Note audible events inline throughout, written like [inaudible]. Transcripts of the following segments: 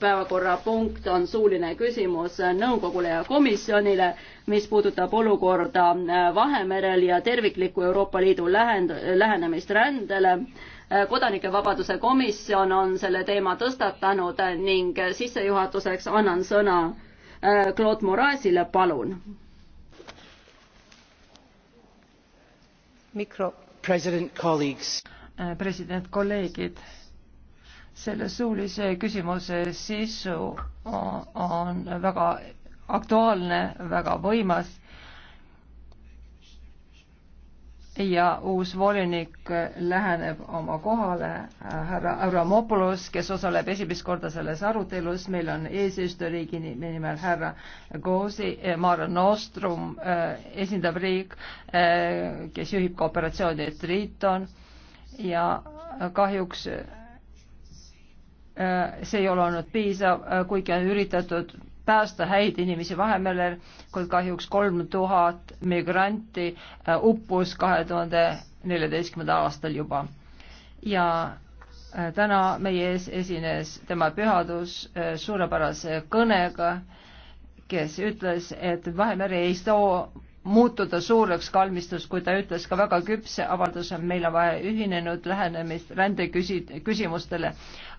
päevakorrapunkt on suuline küsimus nõukogule ja komisjonile, mis puudutab olukorda äh, Vahemerel ja terviklikku Euroopa Liidu lähend-, lähenemist rändele. Äh, kodanike vabaduse komisjon on selle teema tõstatanud ning sissejuhatuseks annan sõna äh, Claude Moraesile, palun. mikro. president, kolleegid selle suulise küsimuse sisu on väga aktuaalne, väga võimas ja uus volinik läheneb oma kohale, härra Avramopoulos, kes osaleb esimest korda selles arutelus, meil on eesistujariigi nimel härra Goosi, eh, Mare Nostrum eh, esindav riik, eh, kes juhib kooperatsiooni Triton ja kahjuks Äh, see ei ole olnud piisav, äh, kuigi on üritatud päästa häid inimesi Vahemerel, kuid kahjuks kolm tuhat migranti äh, uppus kahe tuhande neljateistkümnendal aastal juba. ja täna meie ees esines tema pühadus suurepärase kõnega, kes ütles, et Vahemeri ei too muutuda suureks kalmistus, kui ta ütles ka väga küpse avalduse, meil on vaja ühinenud lähenemist rändeküsimustele,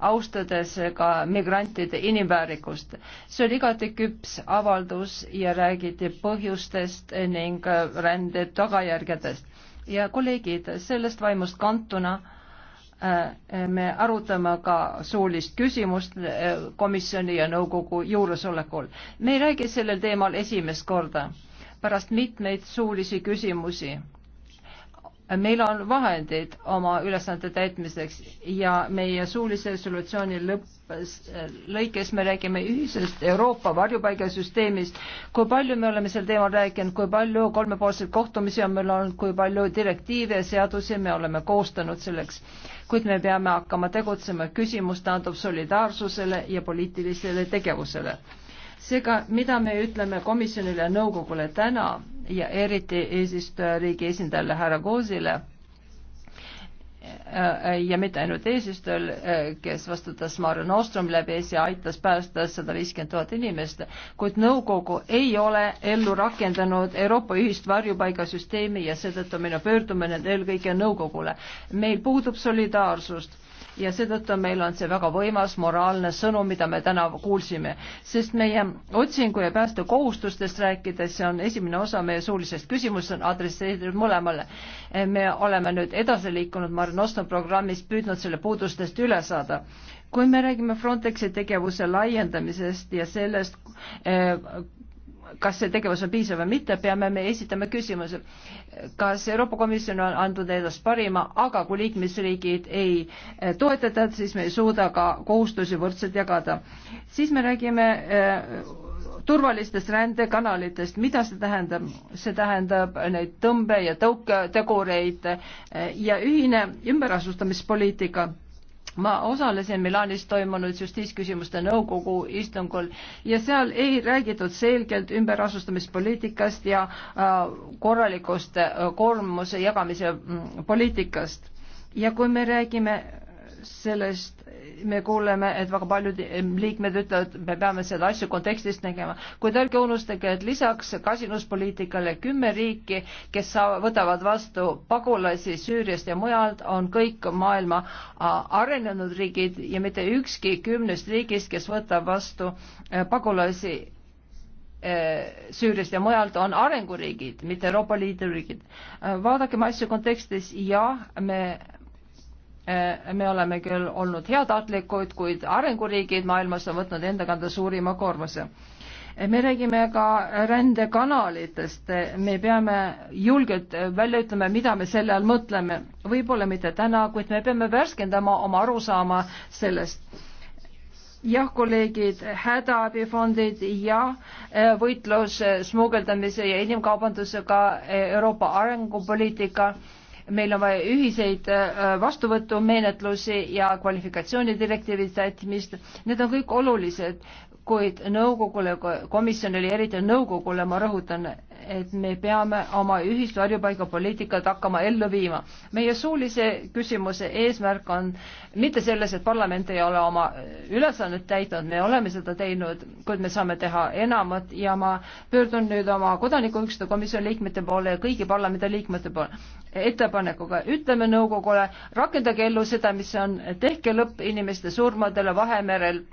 austades ka migrantide inimväärikust. see oli igati küps avaldus ja räägiti põhjustest ning rände tagajärgedest. ja kolleegid, sellest vaimust kantuna äh, me arutame ka suulist küsimust äh, komisjoni ja nõukogu juuresolekul. me ei räägi sellel teemal esimest korda pärast mitmeid suulisi küsimusi. meil on vahendid oma ülesannete täitmiseks ja meie suulise resolutsiooni lõppes, lõikes me räägime ühisest Euroopa varjupaigasüsteemist, kui palju me oleme sel teemal rääkinud, kui palju kolmepoolseid kohtumisi on meil olnud, kui palju direktiive ja seadusi me oleme koostanud selleks kuid me peame hakkama tegutsema, küsimus taandub solidaarsusele ja poliitilisele tegevusele seega, mida me ütleme komisjonile ja nõukogule täna ja eriti eesistujariigi esindajale härra Koosile äh, ja mitte ainult eesistujal, äh, kes vastutas Mare Nostrum läbi ja aitas päästa sada viiskümmend tuhat inimest, kuid nõukogu ei ole ellu rakendanud Euroopa ühist varjupaigasüsteemi ja seetõttu minu pöördumine eelkõige nõukogule. meil puudub solidaarsust ja seetõttu meil on see väga võimas moraalne sõnum, mida me täna kuulsime, sest meie otsingu ja päästekohustustest rääkides, see on esimene osa meie suulisest küsimusest, on adresseeritud mõlemale. me oleme nüüd edasi liikunud Marinosto programmis, püüdnud selle puudustest üle saada kui me räägime Frontexi tegevuse laiendamisest ja sellest, eh, kas see tegevus on piisav või mitte, peame me esitama küsimuse, kas Euroopa Komisjon on andnud endast parima, aga kui liikmesriigid ei eh, toetata, siis me ei suuda ka kohustusi võrdselt jagada. siis me räägime eh, turvalistest rändekanalitest, mida see tähendab? see tähendab neid tõmbe- ja tõuketegureid eh, ja ühine ümberasustamispoliitika ma osalesin Milanis toimunud justiitsküsimuste nõukogu istungul ja seal ei räägitud selgelt ümberasustamispoliitikast ja äh, korralikust äh, koormuse jagamise mm, poliitikast. ja kui me räägime sellest me kuuleme, et väga paljud liikmed ütlevad, me peame seda asja kontekstis nägema, kuid ärge unustage, et lisaks kasinuspoliitikale kümme riiki, kes saavad, võtavad vastu pagulasi Süüriast ja mujalt, on kõik maailma arenenud riigid ja mitte ükski kümnest riigist, kes võtab vastu e, pagulasi e, Süüriast ja mujalt on arenguriigid, mitte Euroopa Liidu riigid. E, vaadakem asju kontekstis, jah, me Eh, me oleme küll olnud heatahtlikud, kuid arenguriigid maailmas on võtnud enda kanda suurima koormuse. Eh, me räägime ka rändekanalitest, eh, me peame julgelt välja ütlema, mida me selle all mõtleme, võib-olla mitte täna, kuid me peame värskendama oma arusaama sellest jah, kolleegid, hädaabifondid ja võitlus smugeldamise ja inimkaubandusega, Euroopa arengupoliitika äh, meil on vaja ühiseid äh, vastuvõtumenetlusi ja kvalifikatsioonidirektiivide sättimist, need on kõik olulised kuid nõukogule, komisjonile, eriti nõukogule ma rõhutan, et me peame oma ühist varjupaigapoliitikat hakkama ellu viima. meie suulise küsimuse eesmärk on mitte selles, et parlament ei ole oma ülesannet täitnud, me oleme seda teinud, kuid me saame teha enamat ja ma pöördun nüüd oma kodanikuüksuste komisjoni liikmete poole ja kõigi parlamendi liikmete poole ettepanekuga, ütleme nõukogule, rakendage ellu seda, mis on, tehke lõpp inimeste surmadele Vahemerel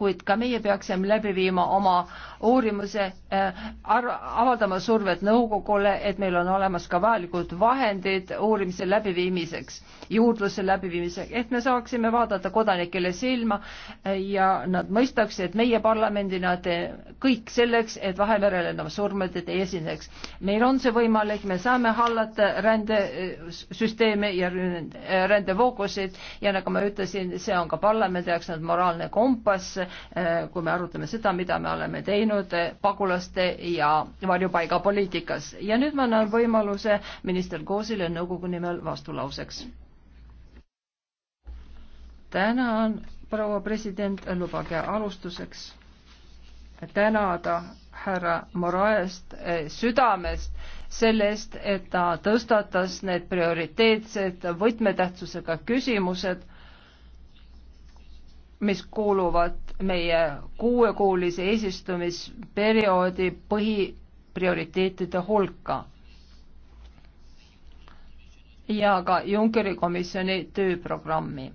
kuid ka meie peaksime läbi viima oma uurimuse äh,, avaldama survet nõukogule, et meil on olemas ka vajalikud vahendid uurimise läbiviimiseks, juurdluse läbiviimiseks, et me saaksime vaadata kodanikele silma äh, ja nad mõistaks, et meie parlamendina teeme kõik selleks, et Vahemerel enam surmadeid ei esineks. meil on see võimalik, me saame hallata rändesüsteeme äh, ja äh, rändevoogusid ja nagu ma ütlesin, see on ka parlamendi jaoks moraalne kompass, sisse, eh, kui me arutame seda, mida me oleme teinud eh, pagulaste ja varjupaigapoliitikas. ja nüüd ma annan võimaluse minister Koosile nõukogu nimel vastulauseks. tänan, proua president, lubage alustuseks tänada härra Moraest eh, südamest selle eest, et ta tõstatas need prioriteetsed võtmetähtsusega küsimused mis kuuluvad meie kuuekuulise eesistumisperioodi põhiprioriteetide hulka ja ka Junckeri komisjoni tööprogrammi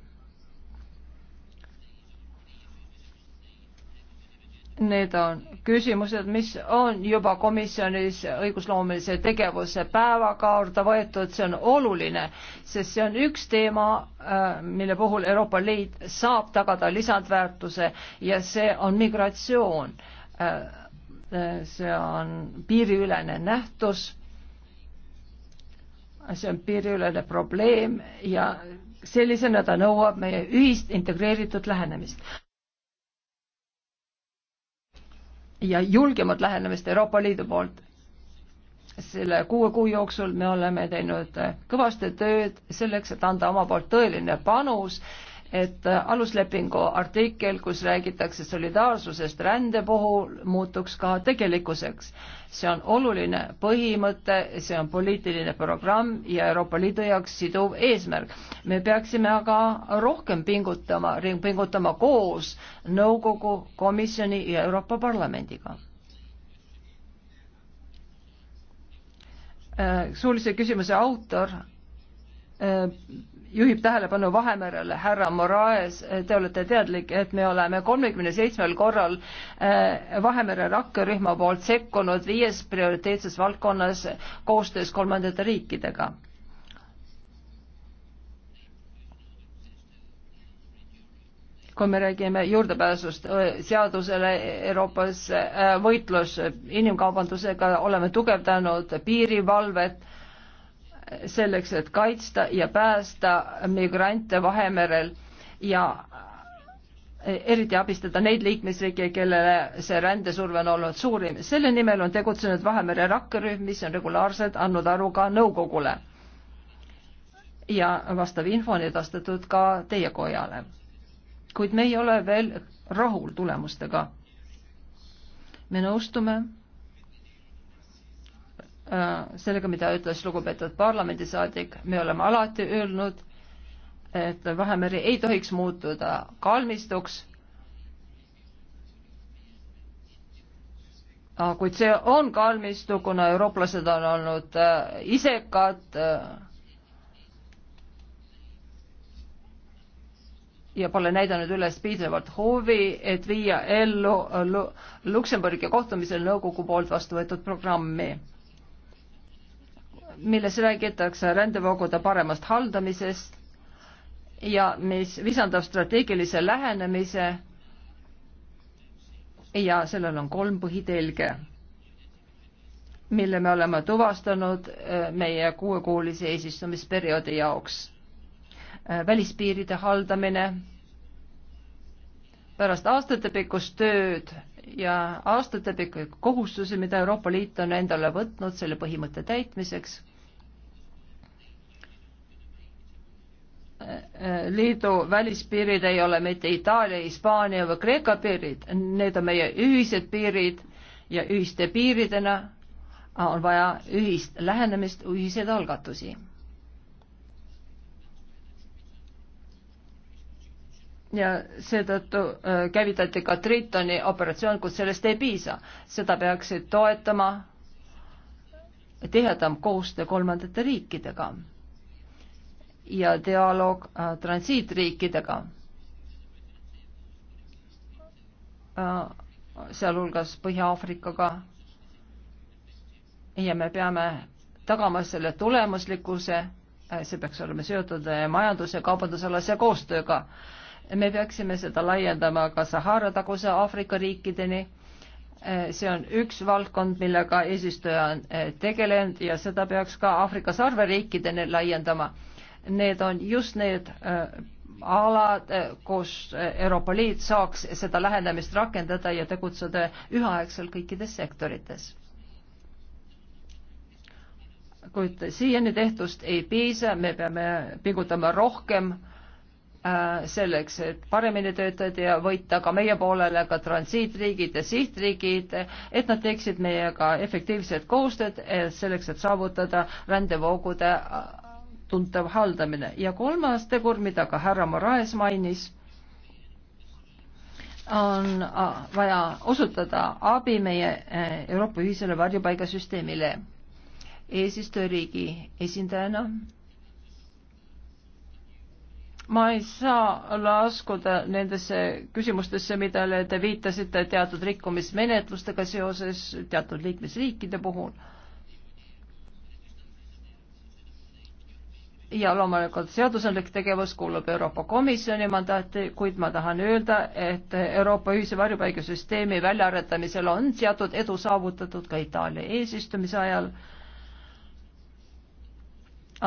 Need on küsimused, mis on juba komisjonis õigusloomelise tegevuse päevakaarda võetud, see on oluline, sest see on üks teema, äh, mille puhul Euroopa Liit saab tagada lisandväärtuse ja see on migratsioon. Äh, äh, see on piiriülene nähtus, see on piiriülene probleem ja sellisena ta nõuab meie ühist integreeritud lähenemist. ja julgemat lähenemist Euroopa Liidu poolt. selle kuue kuu jooksul me oleme teinud kõvasti tööd selleks, et anda oma poolt tõeline panus äh, et aluslepingu artikkel, kus räägitakse solidaarsusest rände puhul, muutuks ka tegelikkuseks. see on oluline põhimõte, see on poliitiline programm ja Euroopa Liidu jaoks siduv eesmärk. me peaksime aga rohkem pingutama, pingutama koos Nõukogu, Komisjoni ja Euroopa Parlamendiga. Äh, suulise küsimuse autor äh, juhib tähelepanu Vahemerele. härra Moraes, te olete teadlik, et me oleme kolmekümne seitsmel korral eh, Vahemere rakkerühma poolt sekkunud viies prioriteetses valdkonnas koostöös kolmandate riikidega kui me räägime juurdepääsust eh, seadusele Euroopas, eh, võitlus inimkaubandusega, oleme tugevdanud piirivalvet selleks, et kaitsta ja päästa migrante Vahemerel ja eriti abistada neid liikmesriike, kellele see rändesurve on olnud suurim. selle nimel on tegutsenud Vahemere rakkerühm, mis on regulaarselt andnud aru ka nõukogule. ja vastav info on edastatud ka teie kojale. kuid me ei ole veel rahul tulemustega. me nõustume Äh, sellega, mida ütles lugupeetud parlamendisaadik, me oleme alati öelnud, et Vahemeri ei tohiks muutuda kalmistuks. Äh, kuid see on kalmistu, kuna eurooplased on olnud äh, isekad ja pole näidanud üles piisavalt huvi, et viia ellu Luksemburgi kohtumisel nõukogu poolt vastu võetud programmi milles räägitakse rändevoogude paremast haldamisest ja mis visandab strateegilise lähenemise ja sellel on kolm põhitelge, mille me oleme tuvastanud äh, meie kuuekuulise eesistumisperioodi jaoks. Äh, välispiiride haldamine, pärast aastatepikkust tööd ja aastate pikki kohustusi, mida Euroopa Liit on endale võtnud selle põhimõtte täitmiseks. liidu välispiirid ei ole mitte Itaalia, Hispaania või Kreeka piirid, need on meie ühised piirid ja ühiste piiridena on vaja ühist lähenemist, ühiseid algatusi ja seetõttu äh, käivitati ka Tritoni operatsioon, kus sellest ei piisa. seda peaksid toetama tihedam koostöö kolmandate riikidega ja dialoog äh, transiitriikidega, äh, sealhulgas Põhja-Aafrikaga. ja me peame tagama selle tulemuslikkuse, see peaks olema seotud majandus- ja kaubandusalase koostööga me peaksime seda laiendama ka Sahara taguse Aafrika riikideni. Eh, see on üks valdkond, millega eesistuja on eh, tegelenud ja seda peaks ka Aafrika sarveriikideni laiendama. Need on just need eh, alad, kus Euroopa Liit saaks seda lähenemist rakendada ja tegutseda üheaegselt kõikides sektorites. kuid siiani tehtust ei piisa, me peame pingutama rohkem äh, Äh, selleks, et paremini töötada ja võita ka meie poolele ka transiitriigid ja sihtriigid, et nad teeksid meiega efektiivset koostööd eh, selleks, et saavutada rändevoogude äh, tuntav haldamine. ja kolmas tegur, mida ka härra Moraes mainis, on äh, vaja osutada abi meie Euroopa ühisele varjupaigasüsteemile. eesistujariigi esindajana ma ei saa laskuda nendesse küsimustesse, millele te viitasite teatud rikkumismenetlustega seoses teatud liikmesriikide puhul. ja loomulikult seadusandlik tegevus kuulub Euroopa Komisjoni mandaati, kuid ma tahan öelda, et Euroopa ühise varjupaigasüsteemi väljaarendamisel on teatud edu saavutatud ka Itaalia eesistumise ajal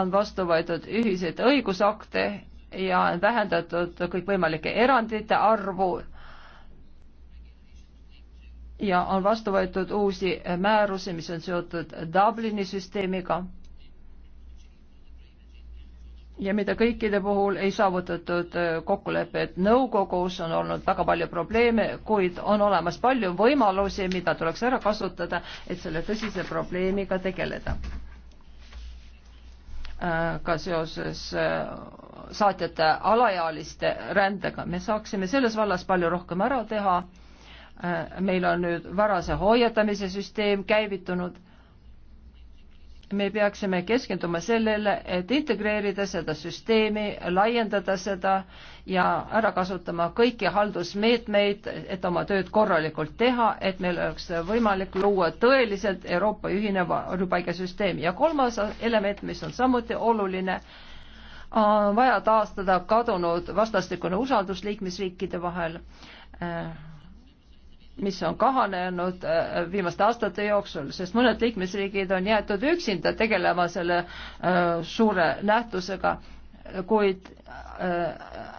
on vastu võetud ühiseid õigusakte ja on vähendatud kõikvõimalike erandite arvu ja on vastu võetud uusi määrusi, mis on seotud Dublini süsteemiga ja mida kõikide puhul ei saavutatud kokkulepet nõukogus, on olnud väga palju probleeme, kuid on olemas palju võimalusi, mida tuleks ära kasutada, et selle tõsise probleemiga tegeleda Äh, ka seoses äh, saatjate alaealiste rändega. me saaksime selles vallas palju rohkem ära teha. Äh, meil on nüüd varase hoiatamise süsteem käivitunud me peaksime keskenduma sellele, et integreerida seda süsteemi, laiendada seda ja ära kasutama kõiki haldusmeetmeid, et oma tööd korralikult teha, et meil oleks võimalik luua tõeliselt Euroopa ühine varjupaigasüsteem ja kolmas element, mis on samuti oluline, on vaja taastada kadunud vastastikune usaldus liikmesriikide vahel äh, mis on kahanenud äh, viimaste aastate jooksul, sest mõned liikmesriigid on jäetud üksinda tegelema selle äh, suure nähtusega, kuid äh,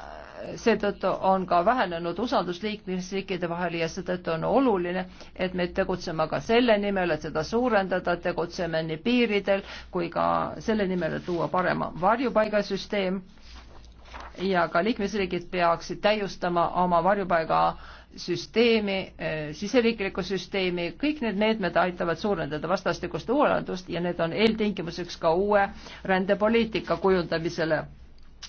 seetõttu on ka vähenenud usaldus liikmesriikide vahel ja seetõttu on oluline, et me tegutseme ka selle nimel, et seda suurendada, tegutseme nii piiridel kui ka selle nimel, et luua parema varjupaigasüsteem ja ka liikmesriigid peaksid täiustama oma varjupaiga äh, süsteemi, eh, siseriiklikku süsteemi, kõik need meetmed aitavad suurendada vastastikust hoolandust ja need on eeltingimuseks ka uue rändepoliitika kujundamisele.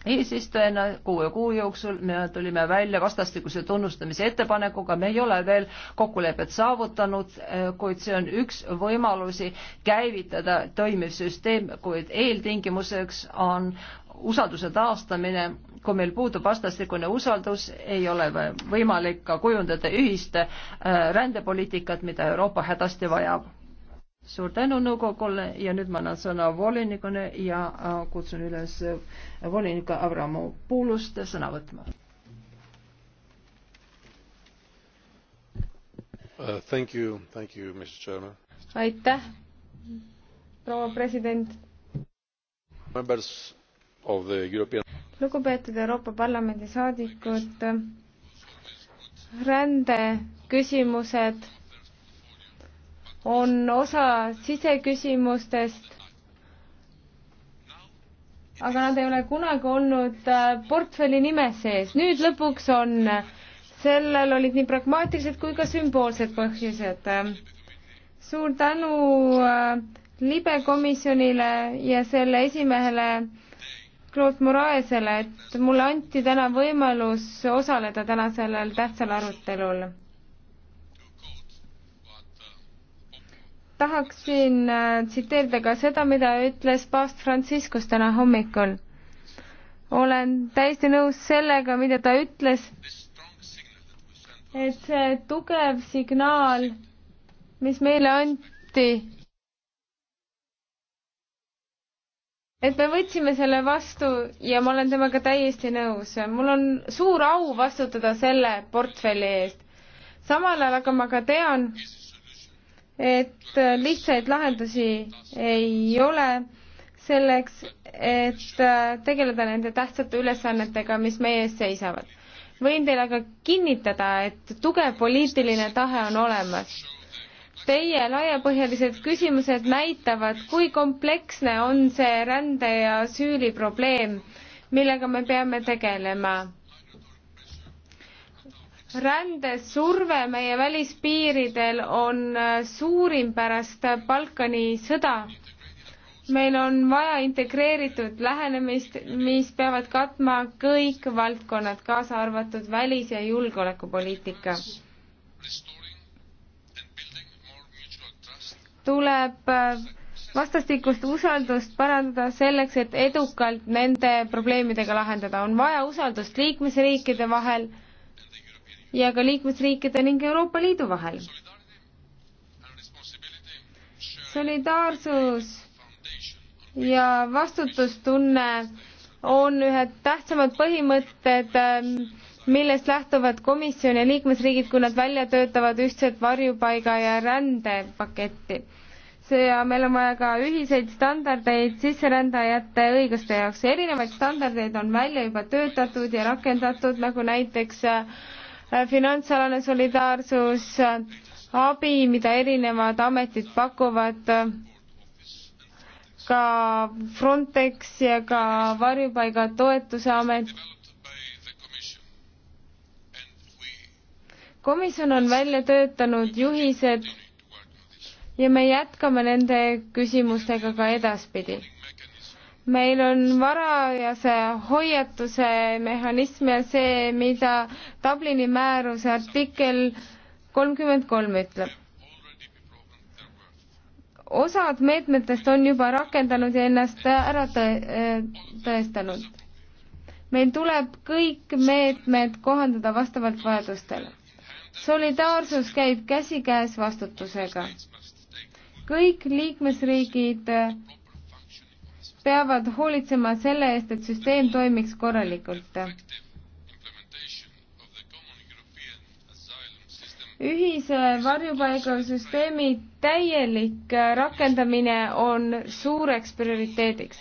eesistujana kuue kuu jooksul me tulime välja vastastikuse tunnustamise ettepanekuga, me ei ole veel kokkulepet saavutanud, eh, kuid see on üks võimalusi käivitada toimiv süsteem, kuid eeltingimuseks on usalduse taastamine kui meil puudub vastastikune usaldus, ei ole võimalik ka kujundada ühist äh, rändepoliitikat, mida Euroopa hädasti vajab. suur tänu nõukogule ja nüüd ma annan sõna volinikule ja äh, kutsun üles äh, volinik Avramo Puulust sõna võtma uh,. Thank you, thank you, Mr Chairman. aitäh, proua president. Members of the European lugupeetud Euroopa Parlamendi saadikud, rändeküsimused on osa siseküsimustest, aga nad ei ole kunagi olnud äh, portfelli nimes sees. nüüd lõpuks on, sellel olid nii pragmaatilised kui ka sümboolsed põhjused. suur tänu äh, libekomisjonile ja selle esimehele Claude Moraesele, et mulle anti täna võimalus osaleda täna sellel tähtsal arutelul. tahaksin äh, tsiteerida ka seda, mida ütles paavst Franciscus täna hommikul. olen täiesti nõus sellega, mida ta ütles, et see tugev signaal, mis meile anti et me võtsime selle vastu ja ma olen temaga täiesti nõus. mul on suur au vastutada selle portfelli eest. samal ajal aga ma ka tean, et lihtsaid lahendusi ei ole selleks, et tegeleda nende tähtsate ülesannetega, mis meie ees seisavad. võin teile aga kinnitada, et tugev poliitiline tahe on olemas Teie laiapõhjalised küsimused näitavad, kui kompleksne on see rände ja süüli probleem, millega me peame tegelema rändesurve meie välispiiridel on äh, suurim pärast Balkani sõda. meil on vaja integreeritud lähenemist, mis peavad katma kõik valdkonnad, kaasa arvatud välis- ja julgeolekupoliitika tuleb äh, vastastikust usaldust parandada selleks, et edukalt nende probleemidega lahendada. on vaja usaldust liikmesriikide vahel ja ka liikmesriikide ning Euroopa Liidu vahel. solidaarsus ja vastutustunne on ühed tähtsamad põhimõtted äh, millest lähtuvad komisjon ja liikmesriigid, kui nad välja töötavad ühtset varjupaiga ja rändepaketti. see ja meil on vaja ka ühiseid standardeid sisserändajate õiguste jaoks. erinevaid standardeid on välja juba töötatud ja rakendatud, nagu näiteks äh, finantsalane solidaarsus, abi, mida erinevad ametid pakuvad, ka Frontex ja ka Varjupaiga Toetuse Amet komisjon on välja töötanud juhised ja me jätkame nende küsimustega ka edaspidi. meil on varajase hoiatuse mehhanism ja see, mida Dublini määruse artikkel kolmkümmend kolm ütleb osad meetmetest on juba rakendanud ja ennast ära tõestanud. meil tuleb kõik meetmed kohandada vastavalt vajadustele solidaarsus käib käsikäes vastutusega. kõik liikmesriigid peavad hoolitsema selle eest, et süsteem toimiks korralikult. ühise varjupaigasüsteemi täielik rakendamine on suureks prioriteediks.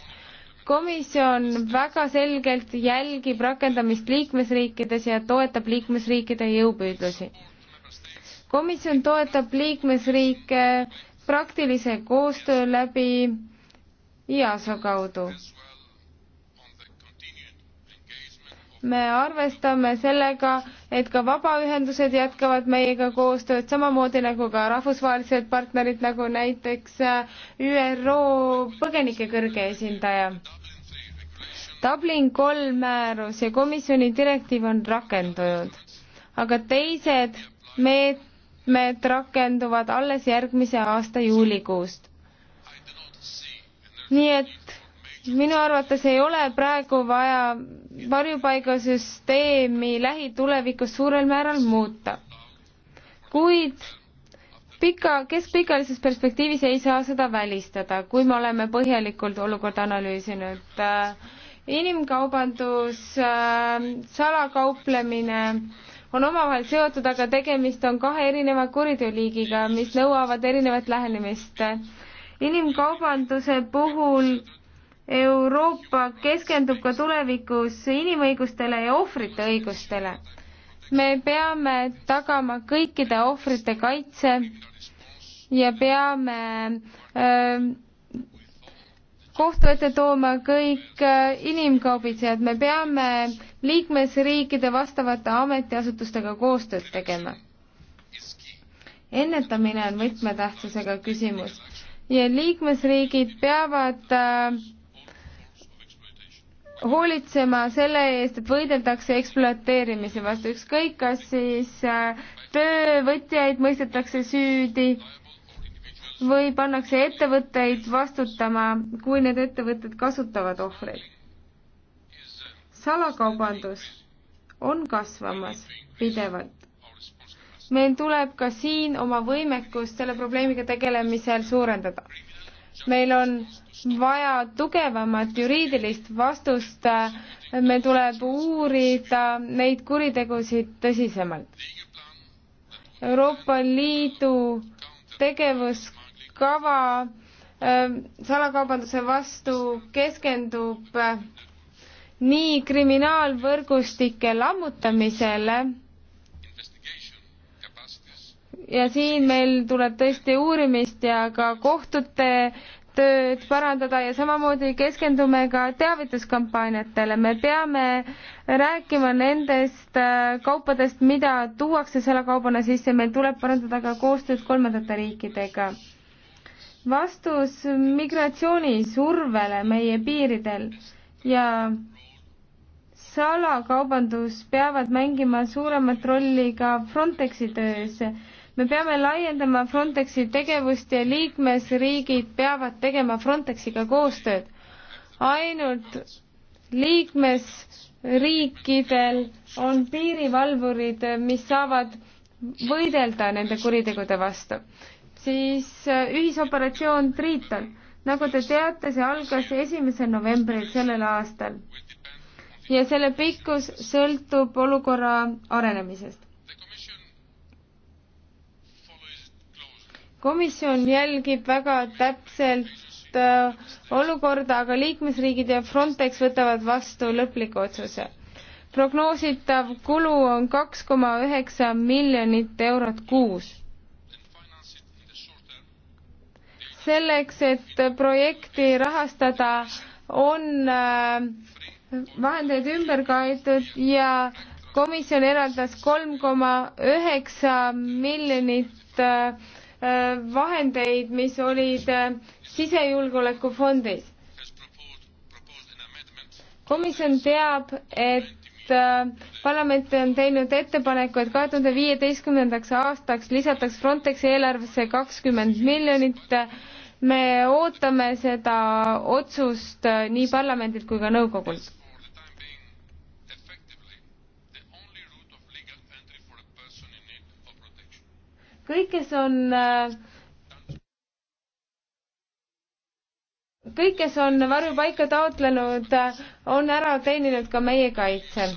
komisjon väga selgelt jälgib rakendamist liikmesriikides ja toetab liikmesriikide jõupüüdlusi komisjon toetab liikmesriike praktilise koostöö läbi IASO kaudu. me arvestame sellega, et ka vabaühendused jätkavad meiega koostööd, samamoodi nagu ka rahvusvahelised partnerid, nagu näiteks ÜRO põgenike kõrge esindaja. Dublin kolm määrus ja komisjoni direktiiv on rakendunud, aga teised meetmed meetmed rakenduvad alles järgmise aasta juulikuust. nii et minu arvates ei ole praegu vaja varjupaigasüsteemi lähitulevikus suurel määral muuta. kuid pika, keskpikalises perspektiivis ei saa seda välistada, kui me oleme põhjalikult olukorda analüüsinud. Äh, inimkaubandus, äh, salakauplemine on omavahel seotud, aga tegemist on kahe erineva kuriteoliigiga, mis nõuavad erinevat lähenemist. inimkaubanduse puhul Euroopa keskendub ka tulevikus inimõigustele ja ohvrite õigustele. me peame tagama kõikide ohvrite kaitse ja peame öö, kohtu ette tooma kõik äh, inimkaubitsejad, me peame liikmesriikide vastavate ametiasutustega koostööd tegema. ennetamine on võtmetähtsusega küsimus ja liikmesriigid peavad äh, hoolitsema selle eest, et võideldakse ekspluateerimise vastu, ükskõik kas siis äh, töövõtjaid mõistetakse süüdi või pannakse ettevõtteid vastutama, kui need ettevõtted kasutavad ohvreid. salakaubandus on kasvamas pidevalt. meil tuleb ka siin oma võimekust selle probleemiga tegelemisel suurendada. meil on vaja tugevamat juriidilist vastust, meil tuleb uurida neid kuritegusid tõsisemalt. Euroopa Liidu tegevus kava ähm, salakaubanduse vastu keskendub äh, nii kriminaalvõrgustike lammutamisele ja siin meil tuleb tõesti uurimist ja ka kohtute tööd parandada ja samamoodi keskendume ka teavituskampaaniatele. me peame rääkima nendest äh, kaupadest, mida tuuakse salakaubana sisse, meil tuleb parandada ka koostööd kolmandate riikidega vastus migratsioonisurvele meie piiridel ja salakaubandus peavad mängima suuremat rolli ka Frontexi töös. me peame laiendama Frontexi tegevust ja liikmesriigid peavad tegema Frontexiga koostööd. ainult liikmesriikidel on piirivalvurid, mis saavad võidelda nende kuritegude vastu siis äh, ühisoperatsioon Triiton. nagu te teate, see algas esimesel novembril sellel aastal ja selle pikkus sõltub olukorra arenemisest. komisjon jälgib väga täpselt äh, olukorda, aga liikmesriigid ja Frontex võtavad vastu lõpliku otsuse. prognoositav kulu on kaks koma üheksa miljonit eurot kuus selleks, et projekti rahastada, on äh, vahendeid ümber kaetud ja komisjon eraldas kolm koma üheksa miljonit äh, äh, vahendeid, mis olid sisejulgeolekufondis. komisjon teab, et parlament on teinud ettepaneku, et kahe tuhande viieteistkümnendaks aastaks lisataks Frontexi eelarvesse kakskümmend miljonit me ootame seda otsust nii parlamendilt kui ka nõukogult. kõik, kes on kõik, kes on varjupaika taotlenud, on ära teeninud ka meie kaitse.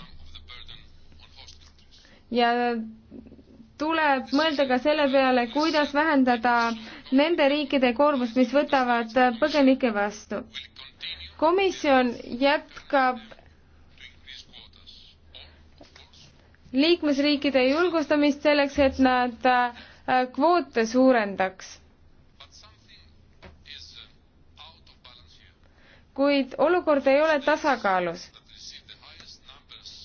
ja tuleb mõelda ka selle peale, kuidas vähendada nende riikide koormus, mis võtavad põgenike vastu. komisjon jätkab liikmesriikide julgustamist selleks, et nad äh, kvoote suurendaks. kuid olukord ei ole tasakaalus.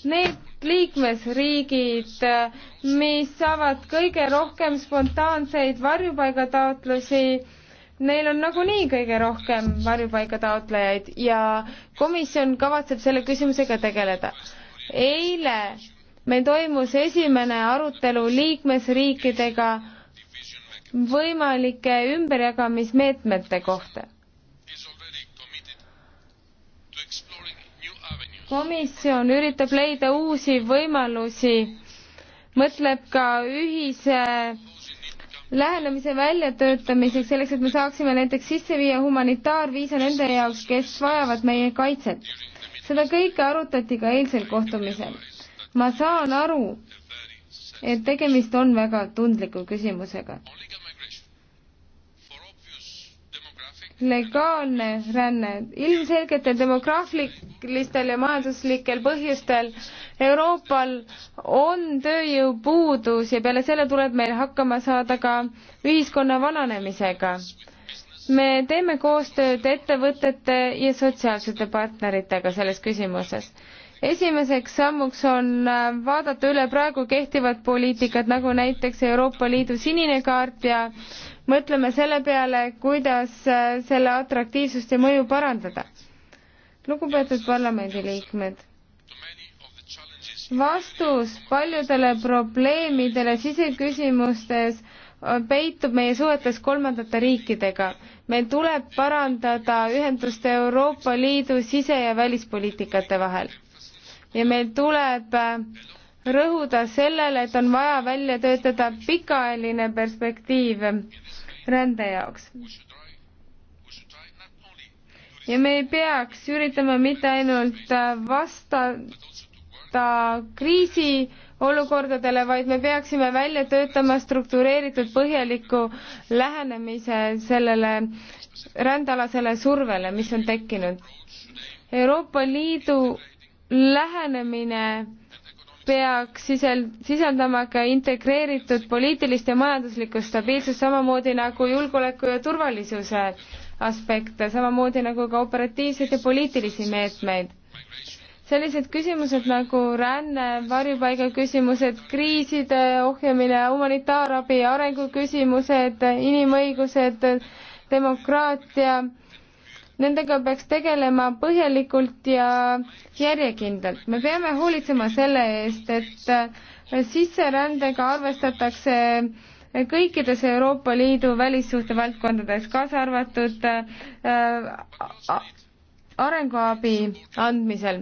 Need liikmesriigid äh, mis saavad kõige rohkem spontaanseid varjupaigataotlusi. Neil on nagunii kõige rohkem varjupaigataotlejaid ja komisjon kavatseb selle küsimusega tegeleda. eile meil toimus esimene arutelu liikmesriikidega võimalike ümberjagamismeetmete kohta komisjon üritab leida uusi võimalusi mõtleb ka ühise lähenemise väljatöötamiseks, selleks et me saaksime näiteks sisse viia humanitaarviisa nende jaoks, kes vajavad meie kaitset. seda kõike arutati ka eilsel kohtumisel. ma saan aru, et tegemist on väga tundliku küsimusega. legaalne ränne ilmselgetel demograafilistel ja majanduslikel põhjustel äh, Euroopal on tööjõupuudus ja peale selle tuleb meil hakkama saada ka ühiskonna vananemisega. me teeme koostööd ettevõtete ja sotsiaalsete partneritega selles küsimuses esimeseks sammuks on äh, vaadata üle praegu kehtivad poliitikad, nagu näiteks Euroopa Liidu sinine kaart ja mõtleme selle peale, kuidas äh, selle atraktiivsust ja mõju parandada. lugupeetud parlamendiliikmed, vastus paljudele probleemidele siseküsimustes äh, peitub meie suhetes kolmandate riikidega. meil tuleb parandada ühendust Euroopa Liidu sise- ja välispoliitikate vahel. ja meil tuleb äh, rõhuda sellele, et on vaja välja töötada pikaajaline perspektiiv rände jaoks. ja me ei peaks üritama mitte ainult äh, vasta, keskenduda kriisiolukordadele, vaid me peaksime välja töötama struktureeritud põhjaliku lähenemise sellele rändalasele survele, mis on tekkinud. Euroopa Liidu lähenemine peaks sisel-, sisaldama ka integreeritud poliitilist ja majanduslikku stabiilsust, samamoodi nagu julgeoleku ja turvalisuse aspekte, samamoodi nagu ka operatiivseid ja poliitilisi meetmeid sellised küsimused nagu ränne, varjupaiga küsimused, kriiside ohjamine, humanitaarabi, arenguküsimused, inimõigused, demokraatia, nendega peaks tegelema põhjalikult ja järjekindlalt. me peame hoolitsema selle eest, et sisserändega arvestatakse kõikides Euroopa Liidu välissuhte valdkondades, kaasa arvatud äh, arenguabi andmisel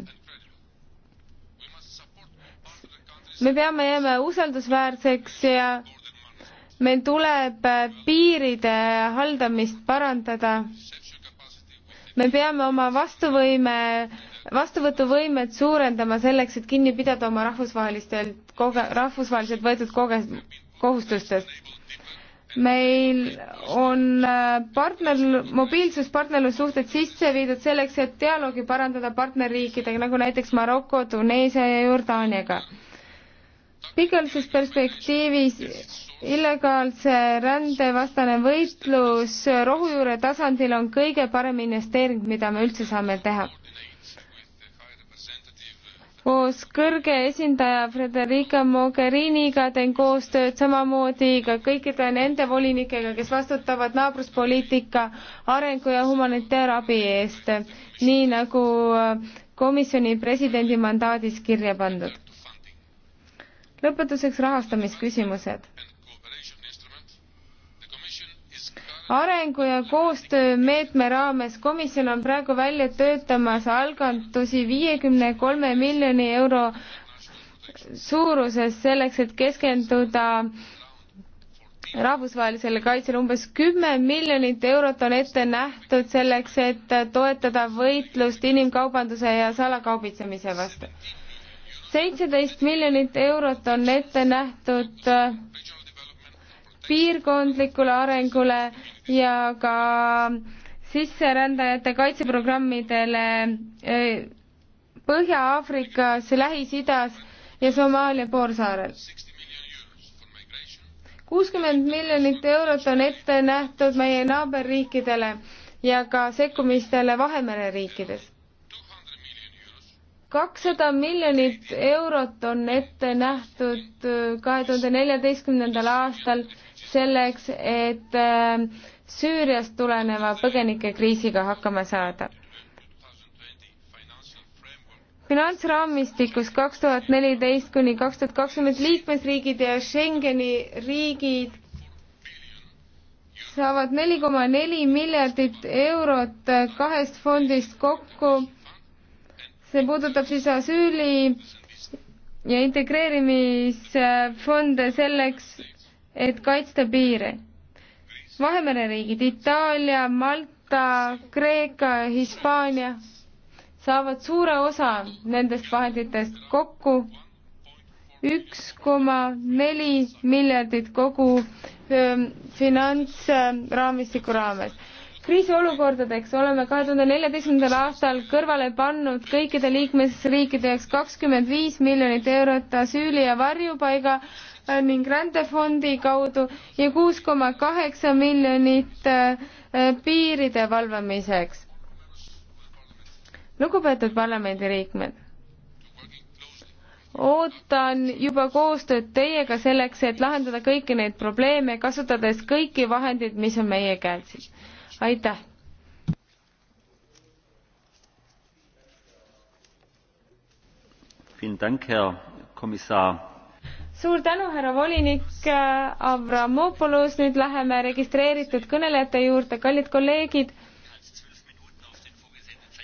me peame jääma usaldusväärseks ja meil tuleb piiride haldamist parandada. me peame oma vastuvõime, vastuvõtuvõimet suurendama selleks, et kinni pidada oma rahvusvahelistelt, rahvusvaheliselt võetud koge-, kohustustest. meil on äh, partner, mobiilsuspartnerlussuhted sisse viidud selleks, et dialoogi parandada partnerriikidega, nagu näiteks Maroko, Tuneesia ja Jordaaniaga pikaajalises perspektiivis illegaalse rändevastane võitlus rohujuure tasandil on kõige parem investeering, mida me üldse saame teha. koos kõrge esindaja Frederica Mogheriniga teen koostööd samamoodi ka kõikide nende volinikega, kes vastutavad naabruspoliitika arengu ja humanitaarabi eest, nii nagu komisjoni presidendi mandaadis kirja pandud lõpetuseks rahastamisküsimused. arengu ja koostöömeetme raames komisjon on praegu välja töötamas algatusi viiekümne kolme miljoni euro suuruses selleks, et keskenduda rahvusvahelisele kaitsele umbes kümme miljonit eurot on ette nähtud selleks, et toetada võitlust inimkaubanduse ja salakaubitsemise vastu seitseteist miljonit eurot on ette nähtud äh, piirkondlikule arengule ja ka sisserändajate kaitseprogrammidele äh, Põhja-Aafrikas, Lähis-Idas ja Somaalia poolsaarel. kuuskümmend miljonit eurot on ette nähtud meie naaberriikidele ja ka sekkumistele Vahemere riikides kakssada miljonit eurot on ette nähtud äh, kahe tuhande neljateistkümnendal aastal selleks, et äh, Süüriast tuleneva põgenikekriisiga hakkama saada. finantsraamistikus kaks tuhat neliteist kuni kaks tuhat kakskümmend liikmesriigid ja Schengeni riigid saavad neli koma neli miljardit eurot kahest fondist kokku see puudutab siis asüüli ja integreerimisfonde selleks, et kaitsta piire. Vahemere riigid Itaalia, Malta, Kreeka, Hispaania saavad suure osa nendest vahenditest kokku üks koma neli miljardit kogu finantsraamistiku raames kriisiolukordadeks oleme kahe tuhande neljateistkümnendal aastal kõrvale pannud kõikide liikmesriikide jaoks kakskümmend viis miljonit eurot asüüli ja varjupaiga äh, ning rändefondi kaudu ja kuus koma kaheksa miljonit äh, piiride valvamiseks. lugupeetud parlamendiliikmed, ootan juba koostööd teiega selleks, et lahendada kõiki neid probleeme, kasutades kõiki vahendeid, mis on meie käes aitäh! suur tänu, härra volinik Avramopoulos, nüüd läheme registreeritud kõnelejate juurde, kallid kolleegid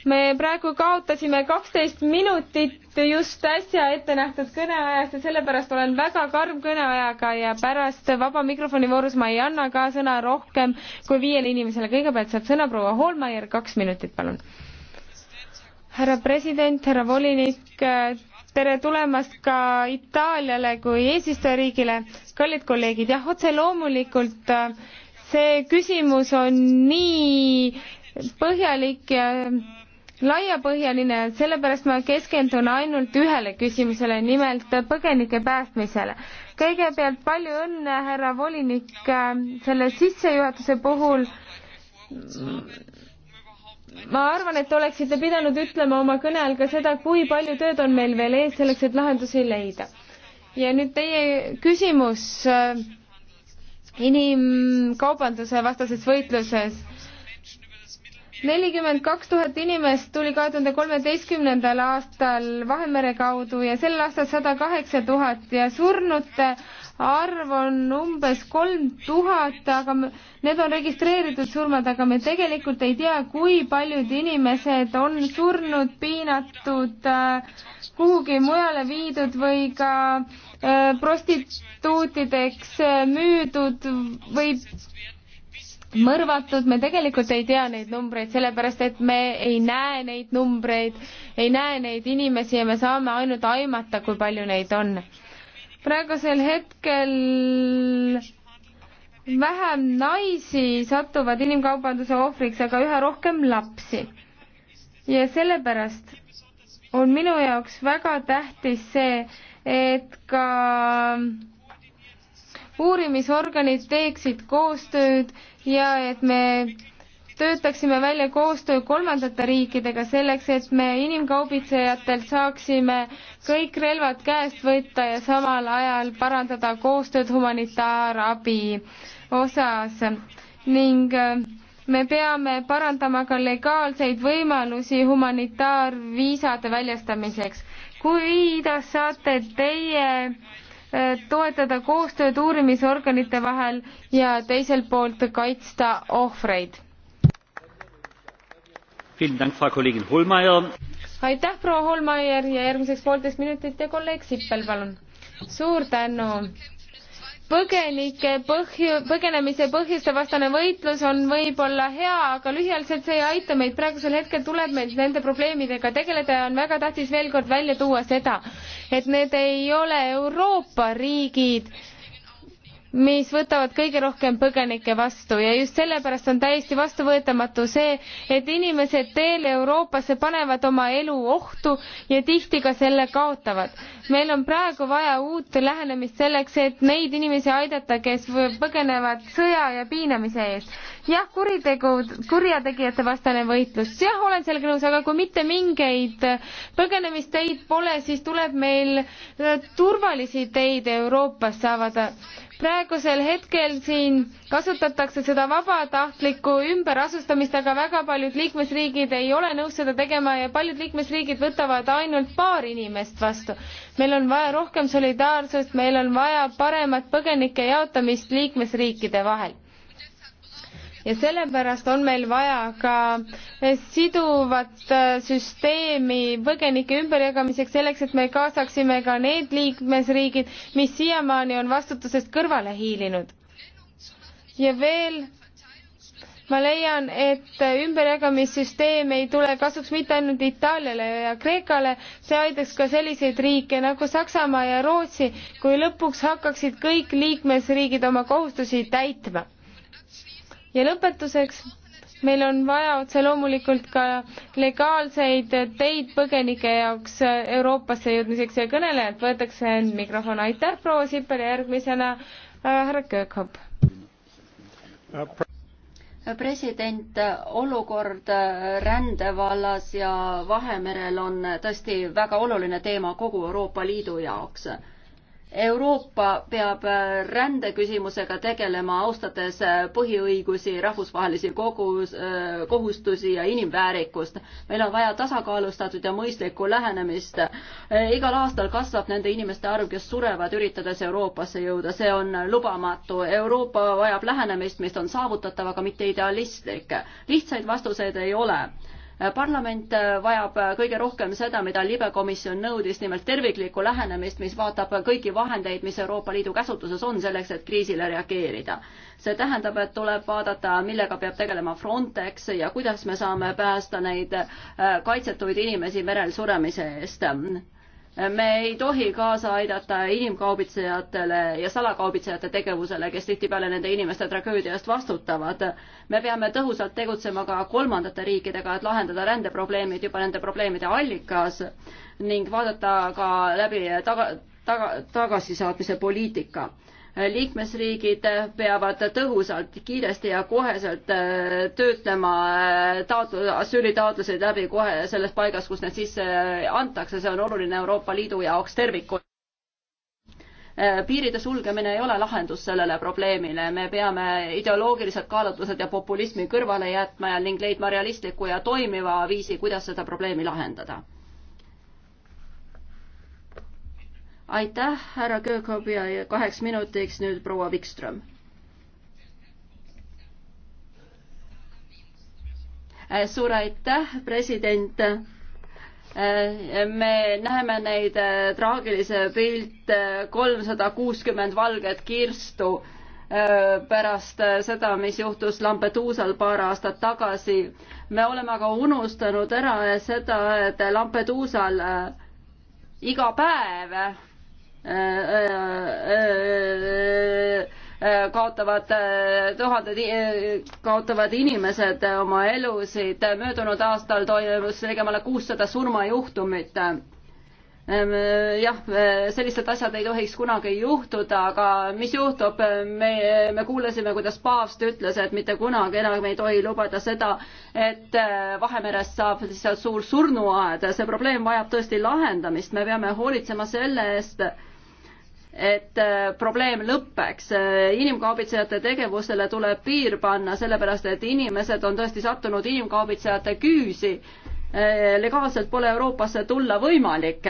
me praegu kaotasime kaksteist minutit just äsja ette nähtud kõneajast ja sellepärast olen väga karm kõneajaga ja pärast vaba mikrofoni voorus ma ei anna ka sõna rohkem kui viiele inimesele. kõigepealt saab sõna proua Holmeier, kaks minutit, palun. härra president, härra volinik, tere tulemast ka Itaaliale kui eesistujariigile. kallid kolleegid, jah, otse loomulikult äh, see küsimus on nii põhjalik ja laiapõhjaline, sellepärast ma keskendun ainult ühele küsimusele, nimelt põgenike päästmisele. kõigepealt palju õnne, härra volinik, selle sissejuhatuse puhul. ma arvan, et oleksite pidanud ütlema oma kõne all ka seda, kui palju tööd on meil veel ees selleks, et lahendusi leida. ja nüüd teie küsimus äh, inimkaubanduse vastases võitluses nelikümmend kaks tuhat inimest tuli kahe tuhande kolmeteistkümnendal aastal Vahemere kaudu ja sel aastal sada kaheksa tuhat ja surnute arv on umbes kolm tuhat, aga need on registreeritud surmad, aga me tegelikult ei tea, kui paljud inimesed on surnud, piinatud, äh, kuhugi mujale viidud või ka äh, prostituutideks äh, müüdud või mõrvatud, me tegelikult ei tea neid numbreid, sellepärast et me ei näe neid numbreid, ei näe neid inimesi ja me saame ainult aimata, kui palju neid on. praegusel hetkel vähem naisi satuvad inimkaubanduse ohvriks, aga üha rohkem lapsi. ja sellepärast on minu jaoks väga tähtis see, et ka uurimisorganid teeksid koostööd ja et me töötaksime välja koostöö kolmandate riikidega selleks, et me inimkaubitsejatelt saaksime kõik relvad käest võtta ja samal ajal parandada koostööd humanitaarabi osas ning äh, me peame parandama ka legaalseid võimalusi humanitaarviisade väljastamiseks. kui Idas saate teie toetada koostööd uurimisorganite vahel ja teiselt poolt kaitsta ohvreid. aitäh, proua Holmeier ja järgmiseks poolteist minutit ja kolleeg Sippel, palun. suur tänu põgenike põhju, põgenemise põhjuste vastane võitlus on võib-olla hea, aga lühiajaliselt see ei aita meid. praegusel hetkel tuleb meil nende probleemidega tegeleda ja on väga tähtis veel kord välja tuua seda, et need ei ole Euroopa riigid mis võtavad kõige rohkem põgenikke vastu ja just sellepärast on täiesti vastuvõetamatu see, et inimesed teel Euroopasse panevad oma elu ohtu ja tihti ka selle kaotavad. meil on praegu vaja uut lähenemist selleks, et neid inimesi aidata, kes põgenevad sõja ja piinamise eest. jah, kuritegu, kurjategijate vastane võitlus, jah, olen sellega nõus, aga kui mitte mingeid põgenemisteid pole, siis tuleb meil turvalisi teid Euroopasse avada praegusel hetkel siin kasutatakse seda vabatahtlikku ümberasustamist, aga väga paljud liikmesriigid ei ole nõus seda tegema ja paljud liikmesriigid võtavad ainult paar inimest vastu. meil on vaja rohkem solidaarsust, meil on vaja paremat põgenike jaotamist liikmesriikide vahel ja sellepärast on meil vaja ka eh, siduvat eh, süsteemi põgenike ümberjagamiseks, selleks et me kaasaksime ka need liikmesriigid, mis siiamaani on vastutusest kõrvale hiilinud. ja veel ma leian, et ümberjagamissüsteem ei tule kasuks mitte ainult Itaaliale ja Kreekale, see aitaks ka selliseid riike nagu Saksamaa ja Rootsi, kui lõpuks hakkaksid kõik liikmesriigid oma kohustusi täitma ja lõpetuseks, meil on vaja otse loomulikult ka legaalseid teid põgenike jaoks Euroopasse jõudmiseks ja kõnelejalt võetakse mikrofon. aitäh, proua Sipper, järgmisena äh, härra Köökhop. president, olukord rändevallas ja Vahemerel on tõesti väga oluline teema kogu Euroopa Liidu jaoks Euroopa peab äh, rändeküsimusega tegelema, austades äh, põhiõigusi, rahvusvahelisi kogus, äh, kohustusi ja inimväärikust. meil on vaja tasakaalustatud ja mõistlikku lähenemist. igal aastal kasvab nende inimeste arv, kes surevad, üritades Euroopasse jõuda, see on lubamatu. Euroopa vajab lähenemist, mis on saavutatav, aga mitte idealistlik. lihtsaid vastuseid ei ole parlament vajab kõige rohkem seda, mida libekomisjon nõudis, nimelt terviklikku lähenemist, mis vaatab kõiki vahendeid, mis Euroopa Liidu käsutuses on selleks, et kriisile reageerida. see tähendab, et tuleb vaadata, millega peab tegelema Frontex ja kuidas me saame päästa neid äh, kaitsetuid inimesi merel suremise eest me ei tohi kaasa aidata inimkaubitsejatele ja salakaubitsejate tegevusele, kes tihtipeale nende inimeste tragöödia eest vastutavad. me peame tõhusalt tegutsema ka kolmandate riikidega, et lahendada rändeprobleemid juba nende probleemide allikas ning vaadata ka läbi taga, taga, tagasisaatmise poliitika liikmesriigid peavad tõhusalt, kiiresti ja koheselt äh, töötlema äh, taotlu-, asüülitaotlused läbi kohe selles paigas, kus need sisse äh, antakse, see on oluline Euroopa Liidu jaoks tervikuna piiride sulgemine ei ole lahendus sellele probleemile, me peame ideoloogilised kaalutlused ja populismi kõrvale jätma ja ning leidma realistliku ja toimiva viisi, kuidas seda probleemi lahendada aitäh, härra Köökop ja kaheks minutiks nüüd proua Vikström. suur aitäh, president me näeme neid traagilisi pilte, kolmsada kuuskümmend valget kirstu pärast seda, mis juhtus Lampeduusal paar aastat tagasi. me oleme aga unustanud ära seda, et Lampeduusal iga päev kaotavad tuhanded, kaotavad inimesed oma elusid. möödunud aastal toimus ligemale kuussada surmajuhtumit. jah, sellised asjad ei tohiks kunagi juhtuda, aga mis juhtub, me, me kuulasime, kuidas paavst ütles, et mitte kunagi enam ei tohi lubada seda, et Vahemerest saab lihtsalt suur surnuaed. see probleem vajab tõesti lahendamist, me peame hoolitsema selle eest et äh, probleem lõpeks. Äh, inimkaubitsejate tegevusele tuleb piir panna, sellepärast et inimesed on tõesti sattunud inimkaubitsejate küüsi. Äh, legaalselt pole Euroopasse tulla võimalik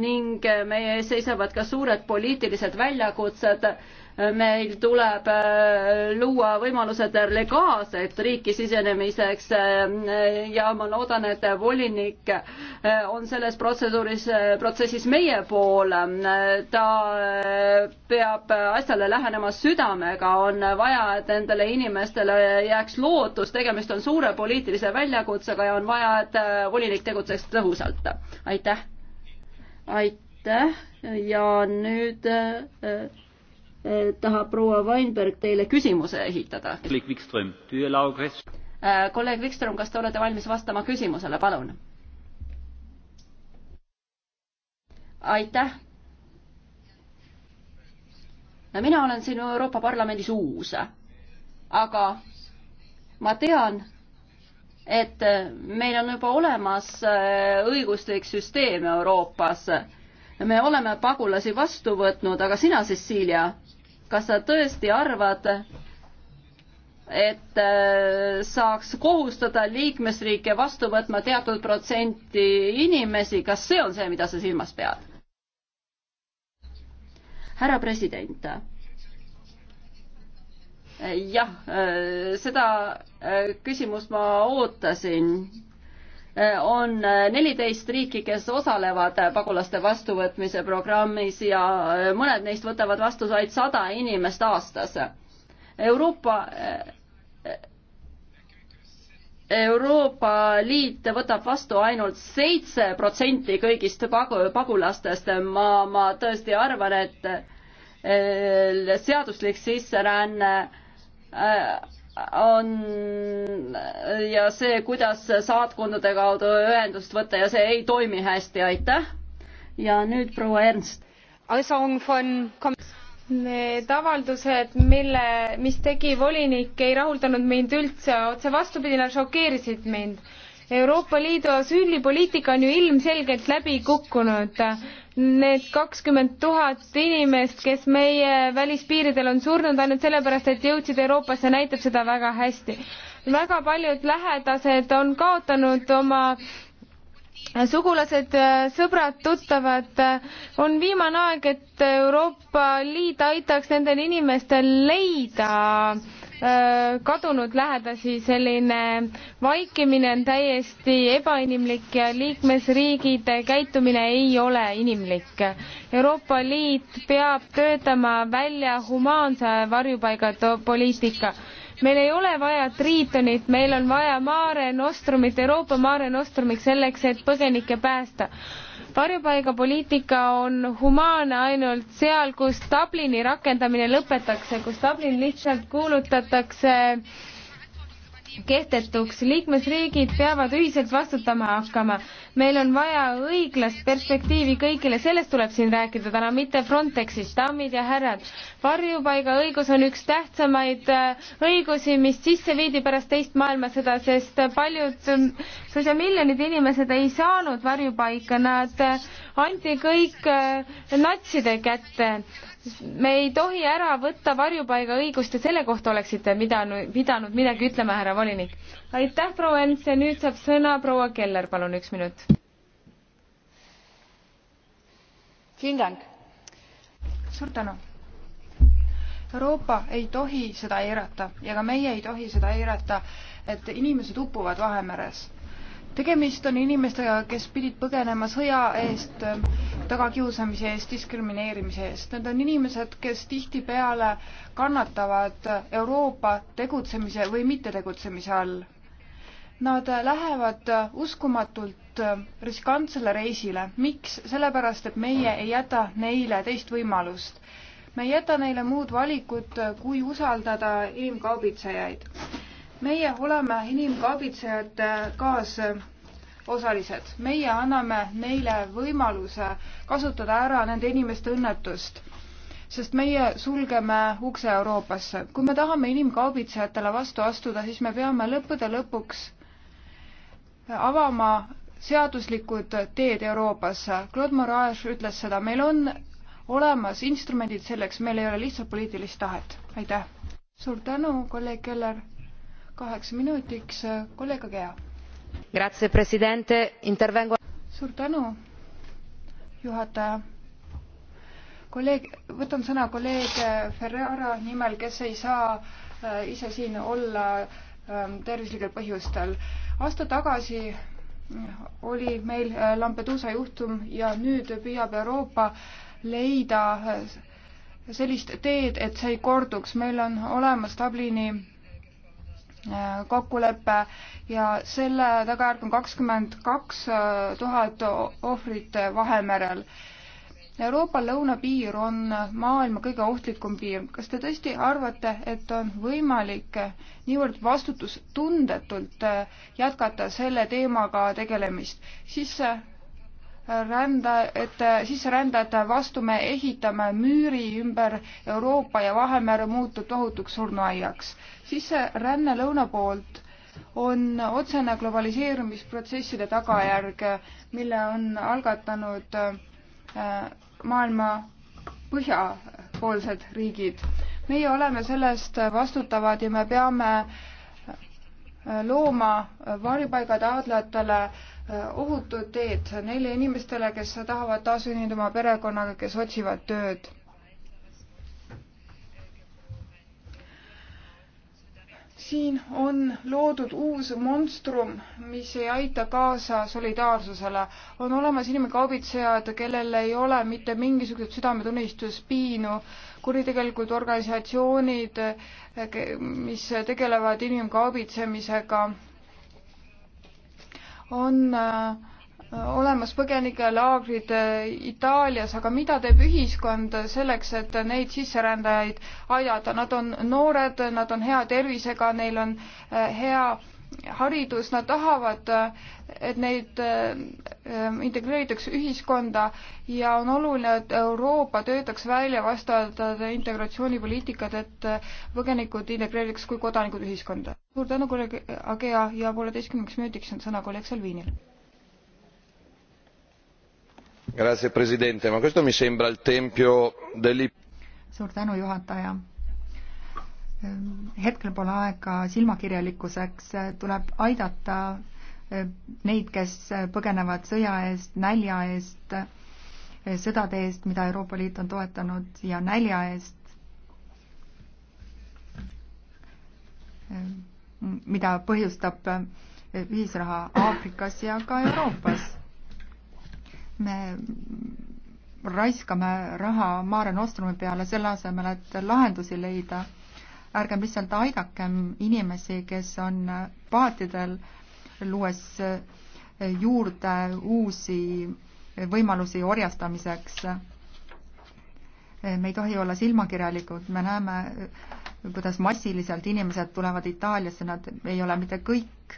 ning meie ees seisavad ka suured poliitilised väljakutsed meil tuleb äh, luua võimalused legaalselt riiki sisenemiseks äh, ja ma loodan, et volinik äh, on selles protseduuris, protsessis meie poole. ta peab asjale lähenema südamega, on vaja, et nendele inimestele jääks lootus, tegemist on suure poliitilise väljakutsega ja on vaja, et volinik tegutseks tõhusalt. aitäh! aitäh ja nüüd äh, Eh, tahab proua Weinberg teile küsimuse esitada. Eh, kolleeg Wikström, kas te olete valmis vastama küsimusele, palun? aitäh. mina olen siin Euroopa Parlamendis uus, aga ma tean, et meil on juba olemas eh, õiguslik süsteem Euroopas. me oleme pagulasi vastu võtnud, aga sina, Cecilia kas sa tõesti arvad, et äh, saaks kohustada liikmesriike vastu võtma teatud protsenti inimesi, kas see on see, mida sa silmas pead? härra president. jah, äh, seda äh, küsimust ma ootasin on neliteist riiki, kes osalevad pagulaste vastuvõtmise programmis ja mõned neist võtavad vastu vaid sada inimest aastas. Euroopa Euroopa Liit võtab vastu ainult seitse protsenti kõigist pagu, pagulastest, ma, ma tõesti arvan, et eh, seaduslik sisseränne eh, on ja see, kuidas saatkondade kaudu ühendust võtta ja see ei toimi hästi, aitäh. ja nüüd proua Ernst. Need avaldused, mille, mis tegi volinik, ei rahuldanud mind üldse, otse vastupidi, nad šokeerisid mind Euroopa Liidu asüülipoliitika on ju ilmselgelt läbi kukkunud. Need kakskümmend tuhat inimest, kes meie välispiiridel on surnud ainult sellepärast, et jõudsid Euroopasse, näitab seda väga hästi. väga paljud lähedased on kaotanud oma sugulased, sõbrad, tuttavad, on viimane aeg, et Euroopa Liit aitaks nendel inimestel leida äh, Äh, kadunud lähedasi, selline vaikimine on täiesti ebainimlik ja liikmesriigide käitumine ei ole inimlik. Euroopa Liit peab töötama välja humaanse varjupaigapoliitika meil ei ole vaja Triitonit, meil on vaja Mare Nostrumit, Euroopa Mare Nostrumit selleks, et põgenikke päästa. varjupaigapoliitika on humaanne ainult seal, kus Dublini rakendamine lõpetatakse, kus Dublin lihtsalt kuulutatakse äh, kehtetuks. liikmesriigid peavad ühiselt vastutama hakkama. meil on vaja õiglast perspektiivi kõigile, sellest tuleb siin rääkida täna, mitte Frontexist, daamid ja härrad. varjupaigaõigus on üks tähtsamaid äh, õigusi, mis sisse viidi pärast teist maailmasõda, sest paljud, ähm, suisa miljonid inimesed ei saanud varjupaika, nad äh, anti kõik äh, natside kätte me ei tohi ära võtta varjupaigaõigust ja selle kohta oleksite pidanud, pidanud midagi ütlema, härra volinik. aitäh, proua Ents ja nüüd saab sõna proua Keller, palun üks minut. suur tänu. Euroopa ei tohi seda eirata ja ka meie ei tohi seda eirata, et inimesed upuvad Vahemeres tegemist on inimestega, kes pidid põgenema sõja eest, ähm, tagakiusamise eest, diskrimineerimise eest. Need on inimesed, kes tihtipeale kannatavad Euroopa tegutsemise või mittetegutsemise all. Nad lähevad uskumatult ähm, riskantsele reisile. miks? sellepärast, et meie ei jäta neile teist võimalust. me ei jäta neile muud valikut, äh, kui usaldada inimkaubitsejaid meie oleme inimkaubitsejate äh, kaasosalised, meie anname neile võimaluse kasutada ära nende inimeste õnnetust, sest meie sulgeme ukse Euroopasse. kui me tahame inimkaubitsejatele vastu astuda, siis me peame lõppude lõpuks avama seaduslikud teed Euroopasse. Claude Moraes ütles seda, meil on olemas instrumendid selleks, meil ei ole lihtsalt poliitilist tahet. aitäh! suur tänu, kolleeg Keller! kaheks minutiks äh, kolleeg Agea. suur tänu, juhataja. kolleeg, võtan sõna kolleeg äh, Ferrara nimel, kes ei saa äh, ise siin olla ähm, tervislikel põhjustel. aasta tagasi oli meil Lampedusa juhtum ja nüüd püüab Euroopa leida sellist teed, et see ei korduks. meil on olemas Dublini Äh, kokkulepe ja selle tagajärg on kakskümmend kaks äh, tuhat ohvrit Vahemerel. Euroopa lõunapiir on maailma kõige ohtlikum piir. kas te tõesti arvate, et on võimalik niivõrd vastutustundetult äh, jätkata selle teemaga tegelemist? siis rända, et äh, sisserändajate vastu me ehitame müüri ümber Euroopa ja Vahemere muutub tohutuks surnuaiaks. sisseränne lõuna poolt on otsene globaliseerumisprotsesside tagajärg, mille on algatanud äh, maailma põhjapoolsed riigid. meie oleme sellest vastutavad ja me peame äh, looma varjupaigataotlejatele äh, Äh, ohutud teed neile inimestele, kes tahavad taas ühineda oma perekonnaga, kes otsivad tööd. siin on loodud uus monstrum, mis ei aita kaasa solidaarsusele. on olemas inimkaubitsejad, kellel ei ole mitte mingisugust südametunnistuspiinu, kuritegelikud organisatsioonid, eh, mis tegelevad inimkaubitsemisega on äh, olemas põgenikelaagrid äh, Itaalias, aga mida teeb ühiskond selleks, et neid sisserändajaid aidata, nad on noored, nad on hea tervisega, neil on äh, hea haridus, nad tahavad, et neid ehm, integreeritakse ühiskonda ja on oluline, et Euroopa töötaks välja vastavad integratsioonipoliitikad, et põgenikud integreeriks kui kodanikud ühiskonda. suur tänu, kolleeg Agea ja pooleteistkümneks minutiks on sõna kolleeg Salvinil. suur tänu, juhataja Ehm, hetkel pole aega silmakirjalikkuseks, eh, tuleb aidata eh, neid, kes eh, põgenevad sõja eest, nälja eest, sõdade eest, mida Euroopa Liit on toetanud ja nälja eest, ehm, mida põhjustab ühisraha Aafrikas ja ka Euroopas. me raiskame raha Mare Nostrumi peale selle asemel, et lahendusi leida ärgem lihtsalt aidakem inimesi, kes on paatidel, luues juurde uusi võimalusi orjastamiseks. me ei tohi olla silmakirjalikud, me näeme, kuidas massiliselt inimesed tulevad Itaaliasse, nad ei ole mitte kõik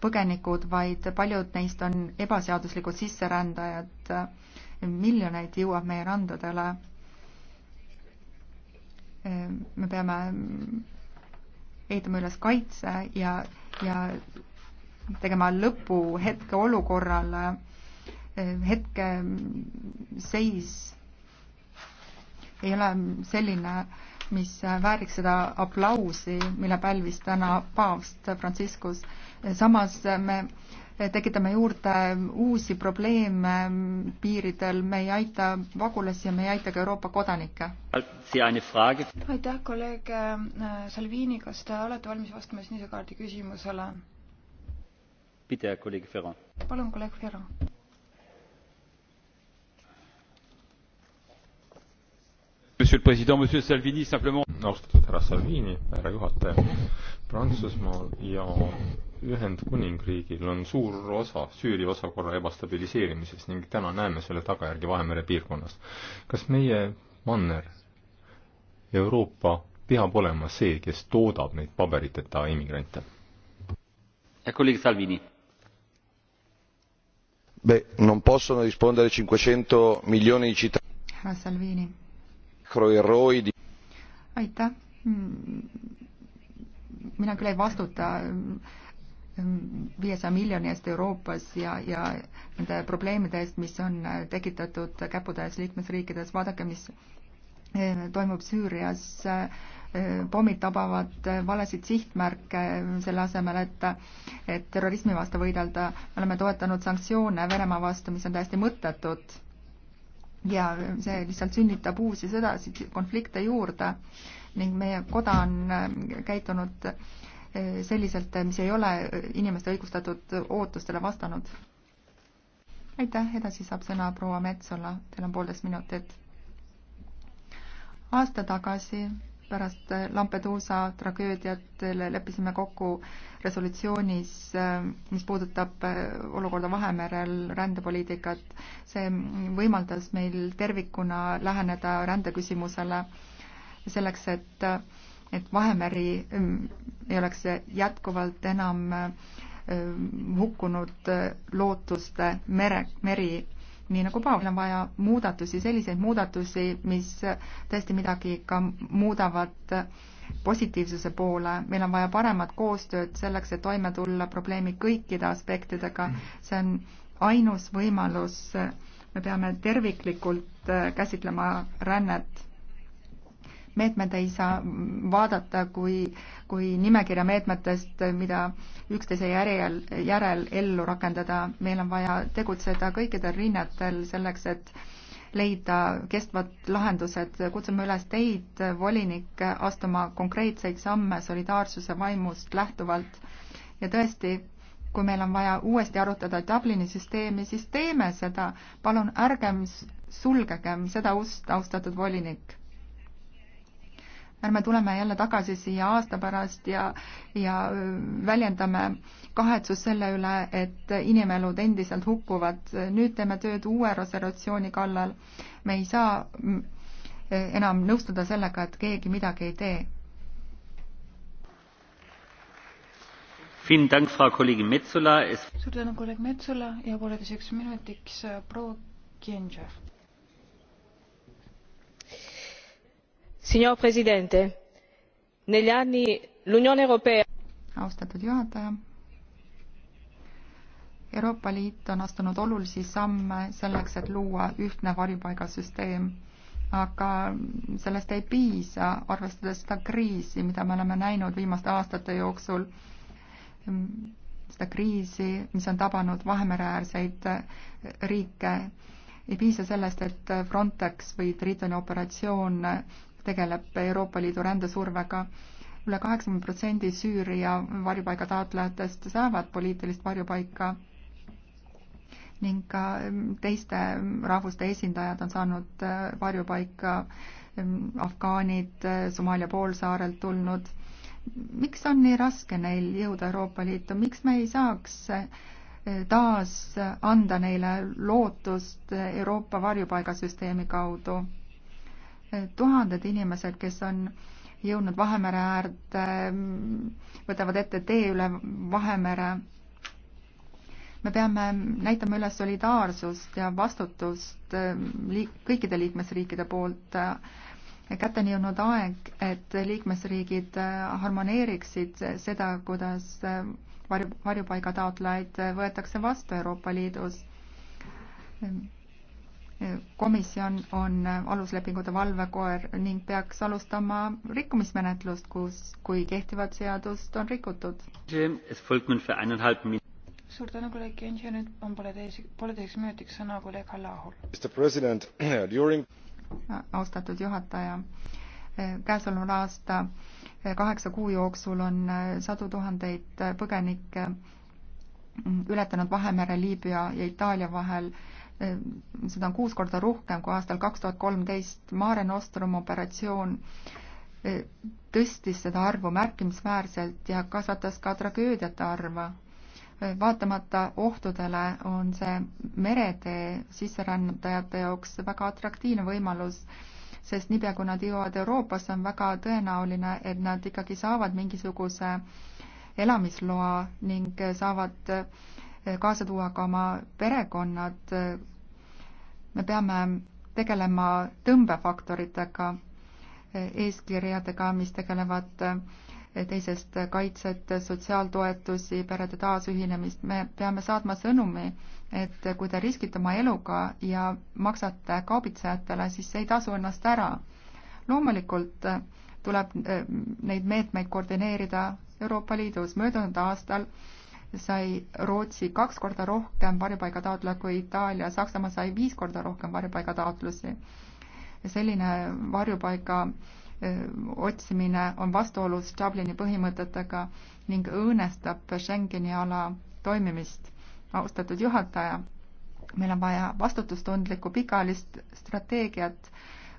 põgenikud, vaid paljud neist on ebaseaduslikud sisserändajad. miljoneid jõuab meie randadele me peame ehitama üles kaitse ja, ja tegema lõpu hetkeolukorrale, hetkeseis ei ole selline, mis vääriks seda aplausi, mille pälvis täna paavst Franciscus. samas me äh, tekitame juurde uusi probleeme piiridel, me ei aita pagulasi ja me ei aita ka Euroopa kodanikke. aitäh, kolleeg äh, Salvini, kas te olete valmis vastama sinise kaardi küsimusele? palun, kolleeg Ferro. monsieur le président monsieur salvini simplement austatud härra salvini härra juhataja prantsusmaal ja Ühendkuningriigil on suur osa Süüria osakorra ebastabiliseerimises ning täna näeme selle tagajärgi Vahemere piirkonnas. kas meie manner, Euroopa, peab olema see, kes toodab neid paberiteta immigrante? kolleeg Salvini. Beh, non possono rispondere 500 milioni di cittadini. Härra Salvini. aitäh mm, mina küll ei vastuta viiesaja miljoni eest Euroopas ja, ja nende probleemide eest, mis on tekitatud käputäis liikmesriikides, vaadake, mis eh, toimub Süürias, eh, pommid tabavad eh, valesid sihtmärke selle asemel, et, et terrorismi vastu võidelda. me oleme toetanud sanktsioone Venemaa vastu, mis on täiesti mõttetud. ja see lihtsalt sünnitab uusi sõdasid, konflikte juurde ning meie koda on käitunud äh, selliselt, mis ei ole inimeste õigustatud ootustele vastanud. aitäh, edasi saab sõna proua Metsola, teil on poolteist minutit. aasta tagasi pärast Lampeduusa tragöödiat leppisime kokku resolutsioonis, mis puudutab äh, olukorda Vahemerel, rändepoliitikat. see võimaldas meil tervikuna läheneda rändeküsimusele selleks, et et Vahemeri ähm, ei oleks jätkuvalt enam ähm, hukkunud äh, lootuste mere, meri, nii nagu Paul, on vaja muudatusi, selliseid muudatusi, mis tõesti midagi ka muudavad positiivsuse poole, meil on vaja paremat koostööd selleks, et toime tulla probleemi kõikide aspektidega, see on ainus võimalus, me peame terviklikult äh, käsitlema rännet meetmed ei saa vaadata kui, kui nimekirja meetmetest, mida üksteise järjel, järel ellu rakendada. meil on vaja tegutseda kõikidel rinnetel selleks, et leida kestvad lahendused. kutsume üles teid, volinik, astuma konkreetseid samme solidaarsuse vaimust lähtuvalt. ja tõesti, kui meil on vaja uuesti arutada Dublini süsteemi, siis teeme seda. palun ärgem sulgegem seda ust, austatud volinik ärme tuleme jälle tagasi siia aasta pärast ja, ja väljendame kahetsust selle üle, et inimelud endiselt hukkuvad. nüüd teeme tööd uue reservatsiooni kallal. me ei saa e, enam nõustuda sellega, et keegi midagi ei tee. suur tänu, kolleeg Metsula ja pooleteiseks minutiks äh, proua Kienšev signor presidente negli anni l'unione europea. austatud juhataja euroopa liit on astunud olulisi samme selleks et luua ühtne varjupaigasüsteem aga sellest ei piisa arvestades seda kriisi mida me oleme näinud viimaste aastate jooksul seda kriisi mis on tabanud vahemereäärseid riike ei piisa sellest et Frontex või Triitoni operatsioon tegeleb Euroopa Liidu rändesurvega üle. üle kaheksakümmend protsendi Süüria varjupaiga taotlejatest saavad poliitilist varjupaika ning ka mm, teiste rahvuste esindajad on saanud äh, varjupaika, mm, afgaanid, äh, Somaalia poolsaarelt tulnud. miks on nii raske neil jõuda Euroopa Liitu, miks me ei saaks äh, taas anda neile lootust Euroopa varjupaigasüsteemi kaudu? tuhanded inimesed, kes on jõudnud Vahemere äärde, võtavad ette tee üle Vahemere. me peame näitama üles solidaarsust ja vastutust ehm, liik-, kõikide liikmesriikide poolt. kätte on jõudnud aeg, et liikmesriigid ehm, harmoneeriksid seda, kuidas ehm, varju, varjupaiga taotlejaid võetakse vastu Euroopa Liidus komisjon on aluslepingute valvekoer ning peaks alustama rikkumismenetlust, kus, kui kehtivat seadust on rikutud. suur tänu, kolleeg Jens ja nüüd on pooleteise, pooleteiseks minutiks sõna kolleeg Allahul. [clears throat] During... austatud juhataja, e, käesoleval aasta e, kaheksa kuu jooksul on e, sadu tuhandeid põgenikke ületanud Vahemere Liibüa ja Itaalia vahel seda on kuus korda rohkem kui aastal kaks tuhat kolmteist. Mare Nostrum operatsioon eh, tõstis seda arvu märkimisväärselt ja kasvatas ka tragöödiate arvu. Eh, vaatamata ohtudele on see meretee sisserändajate jaoks väga atraktiivne võimalus, sest niipea, kui nad jõuavad Euroopasse, on väga tõenäoline, et nad ikkagi saavad mingisuguse elamisloa ning saavad eh, kaasa tuua ka oma perekonnad. me peame tegelema tõmbefaktoritega, eeskirjadega, mis tegelevad teisest kaitset, sotsiaaltoetusi, perede taasühinemist, me peame saatma sõnumi, et kui te riskite oma eluga ja maksate kaubitsejatele, siis see ei tasu ennast ära. loomulikult tuleb eh, neid meetmeid koordineerida Euroopa Liidus. möödunud aastal äh, sai Rootsi kaks korda rohkem varjupaigataotlejaid kui Itaalia, Saksamaa sai viis korda rohkem varjupaigataotlusi. selline varjupaiga eh, otsimine on vastuolus Dublini põhimõtetega ning õõnestab Schengeni ala toimimist. austatud juhataja, meil on vaja vastutustundlikku pikaajalist strateegiat,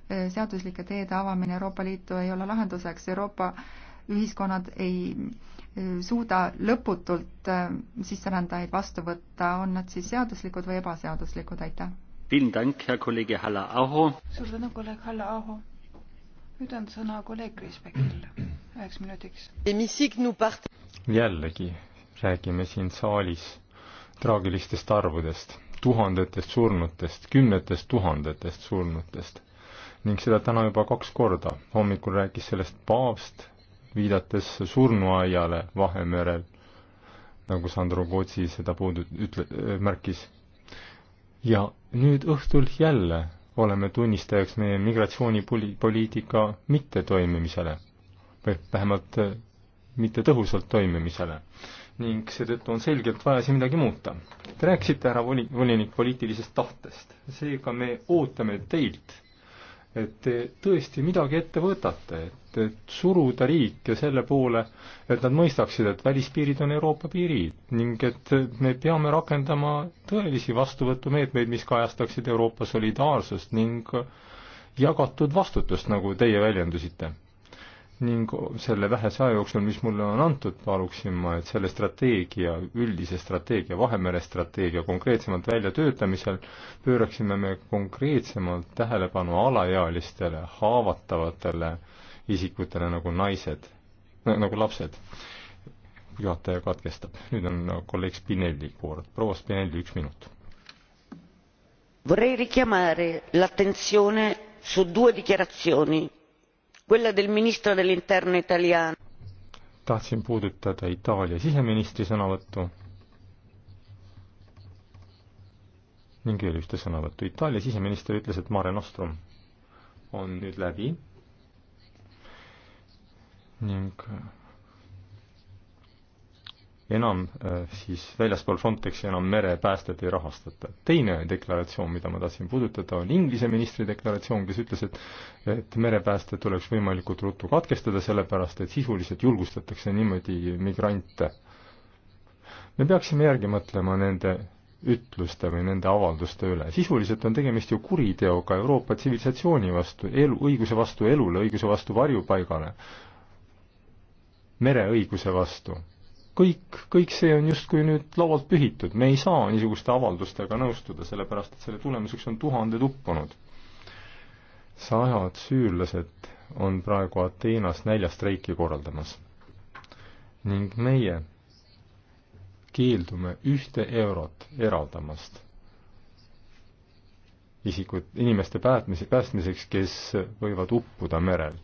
eh, seaduslike teede avamine Euroopa Liitu ei ole lahenduseks, Euroopa ühiskonnad ei Mm. suuda lõputult äh, sisserändajaid vastu võtta, on nad siis seaduslikud või ebaseaduslikud, aitäh. suur tänu, kolleeg Halla Aho. nüüd on sõna kolleeg Kris Pekil üheks minutiks. jällegi räägime siin saalis traagilistest arvudest, tuhandetest surnutest, kümnetest tuhandetest surnutest ning seda täna juba kaks korda. hommikul rääkis sellest paavst viidates surnuaiale Vahemerel, nagu Sandro Kotsi seda puudu-, ütle-, märkis. ja nüüd õhtul jälle oleme tunnistajaks meie migratsioonipoliitika mittetoimimisele või vähemalt äh, mitte tõhusalt toimimisele. ning seetõttu on selgelt vaja siin midagi muuta. Te rääkisite, härra voli-, volinik, poliitilisest tahtest. seega me ootame teilt, et te tõesti midagi ette võtate, et et, et suruda riike selle poole, et nad mõistaksid, et välispiirid on Euroopa piirid ning et me peame rakendama tõelisi vastuvõtumeetmeid, mis kajastaksid Euroopa solidaarsust ning jagatud vastutust, nagu teie väljendusite. ning selle vähese aja jooksul, mis mulle on antud, paluksin ma, et selle strateegia, üldise strateegia, Vahemere strateegia konkreetsemalt väljatöötamisel pööraksime me konkreetsemalt tähelepanu alaealistele, haavatavatele äh, isikutele nagu naised, nagu lapsed. juhataja katkestab. nüüd on kolleeg Spinelli kord. proua Spinelli, üks minut. Vorrei richiamare l'attenzione su due dichiarazioni, quella del ministro dell'interno italiano. tahtsin puudutada Itaalia siseministri sõnavõttu ning veel ühte sõnavõttu. Itaalia siseminister ütles, et Mare Nostrum on nüüd läbi ning äh, enam äh, siis väljaspool Frontexi enam merepäästet ei rahastata. teine deklaratsioon, mida ma tahtsin puudutada, on Inglise ministri deklaratsioon, kes ütles, et et merepääste tuleks võimalikult ruttu katkestada, sellepärast et sisuliselt julgustatakse niimoodi migrante. me peaksime järgi mõtlema nende ütluste või nende avalduste üle. sisuliselt on tegemist ju kuriteoga Euroopa tsivilisatsiooni vastu, elu, õiguse vastu elule, õiguse vastu varjupaigale mereõiguse vastu. kõik, kõik see on justkui nüüd laualt pühitud, me ei saa niisuguste avaldustega nõustuda, sellepärast et selle tulemuseks on tuhanded uppunud. sajad süürlased on praegu Ateenas näljastreiki korraldamas. ning meie keeldume ühte eurot eraldamast isikud, inimeste päästmise, päästmiseks, kes võivad uppuda merel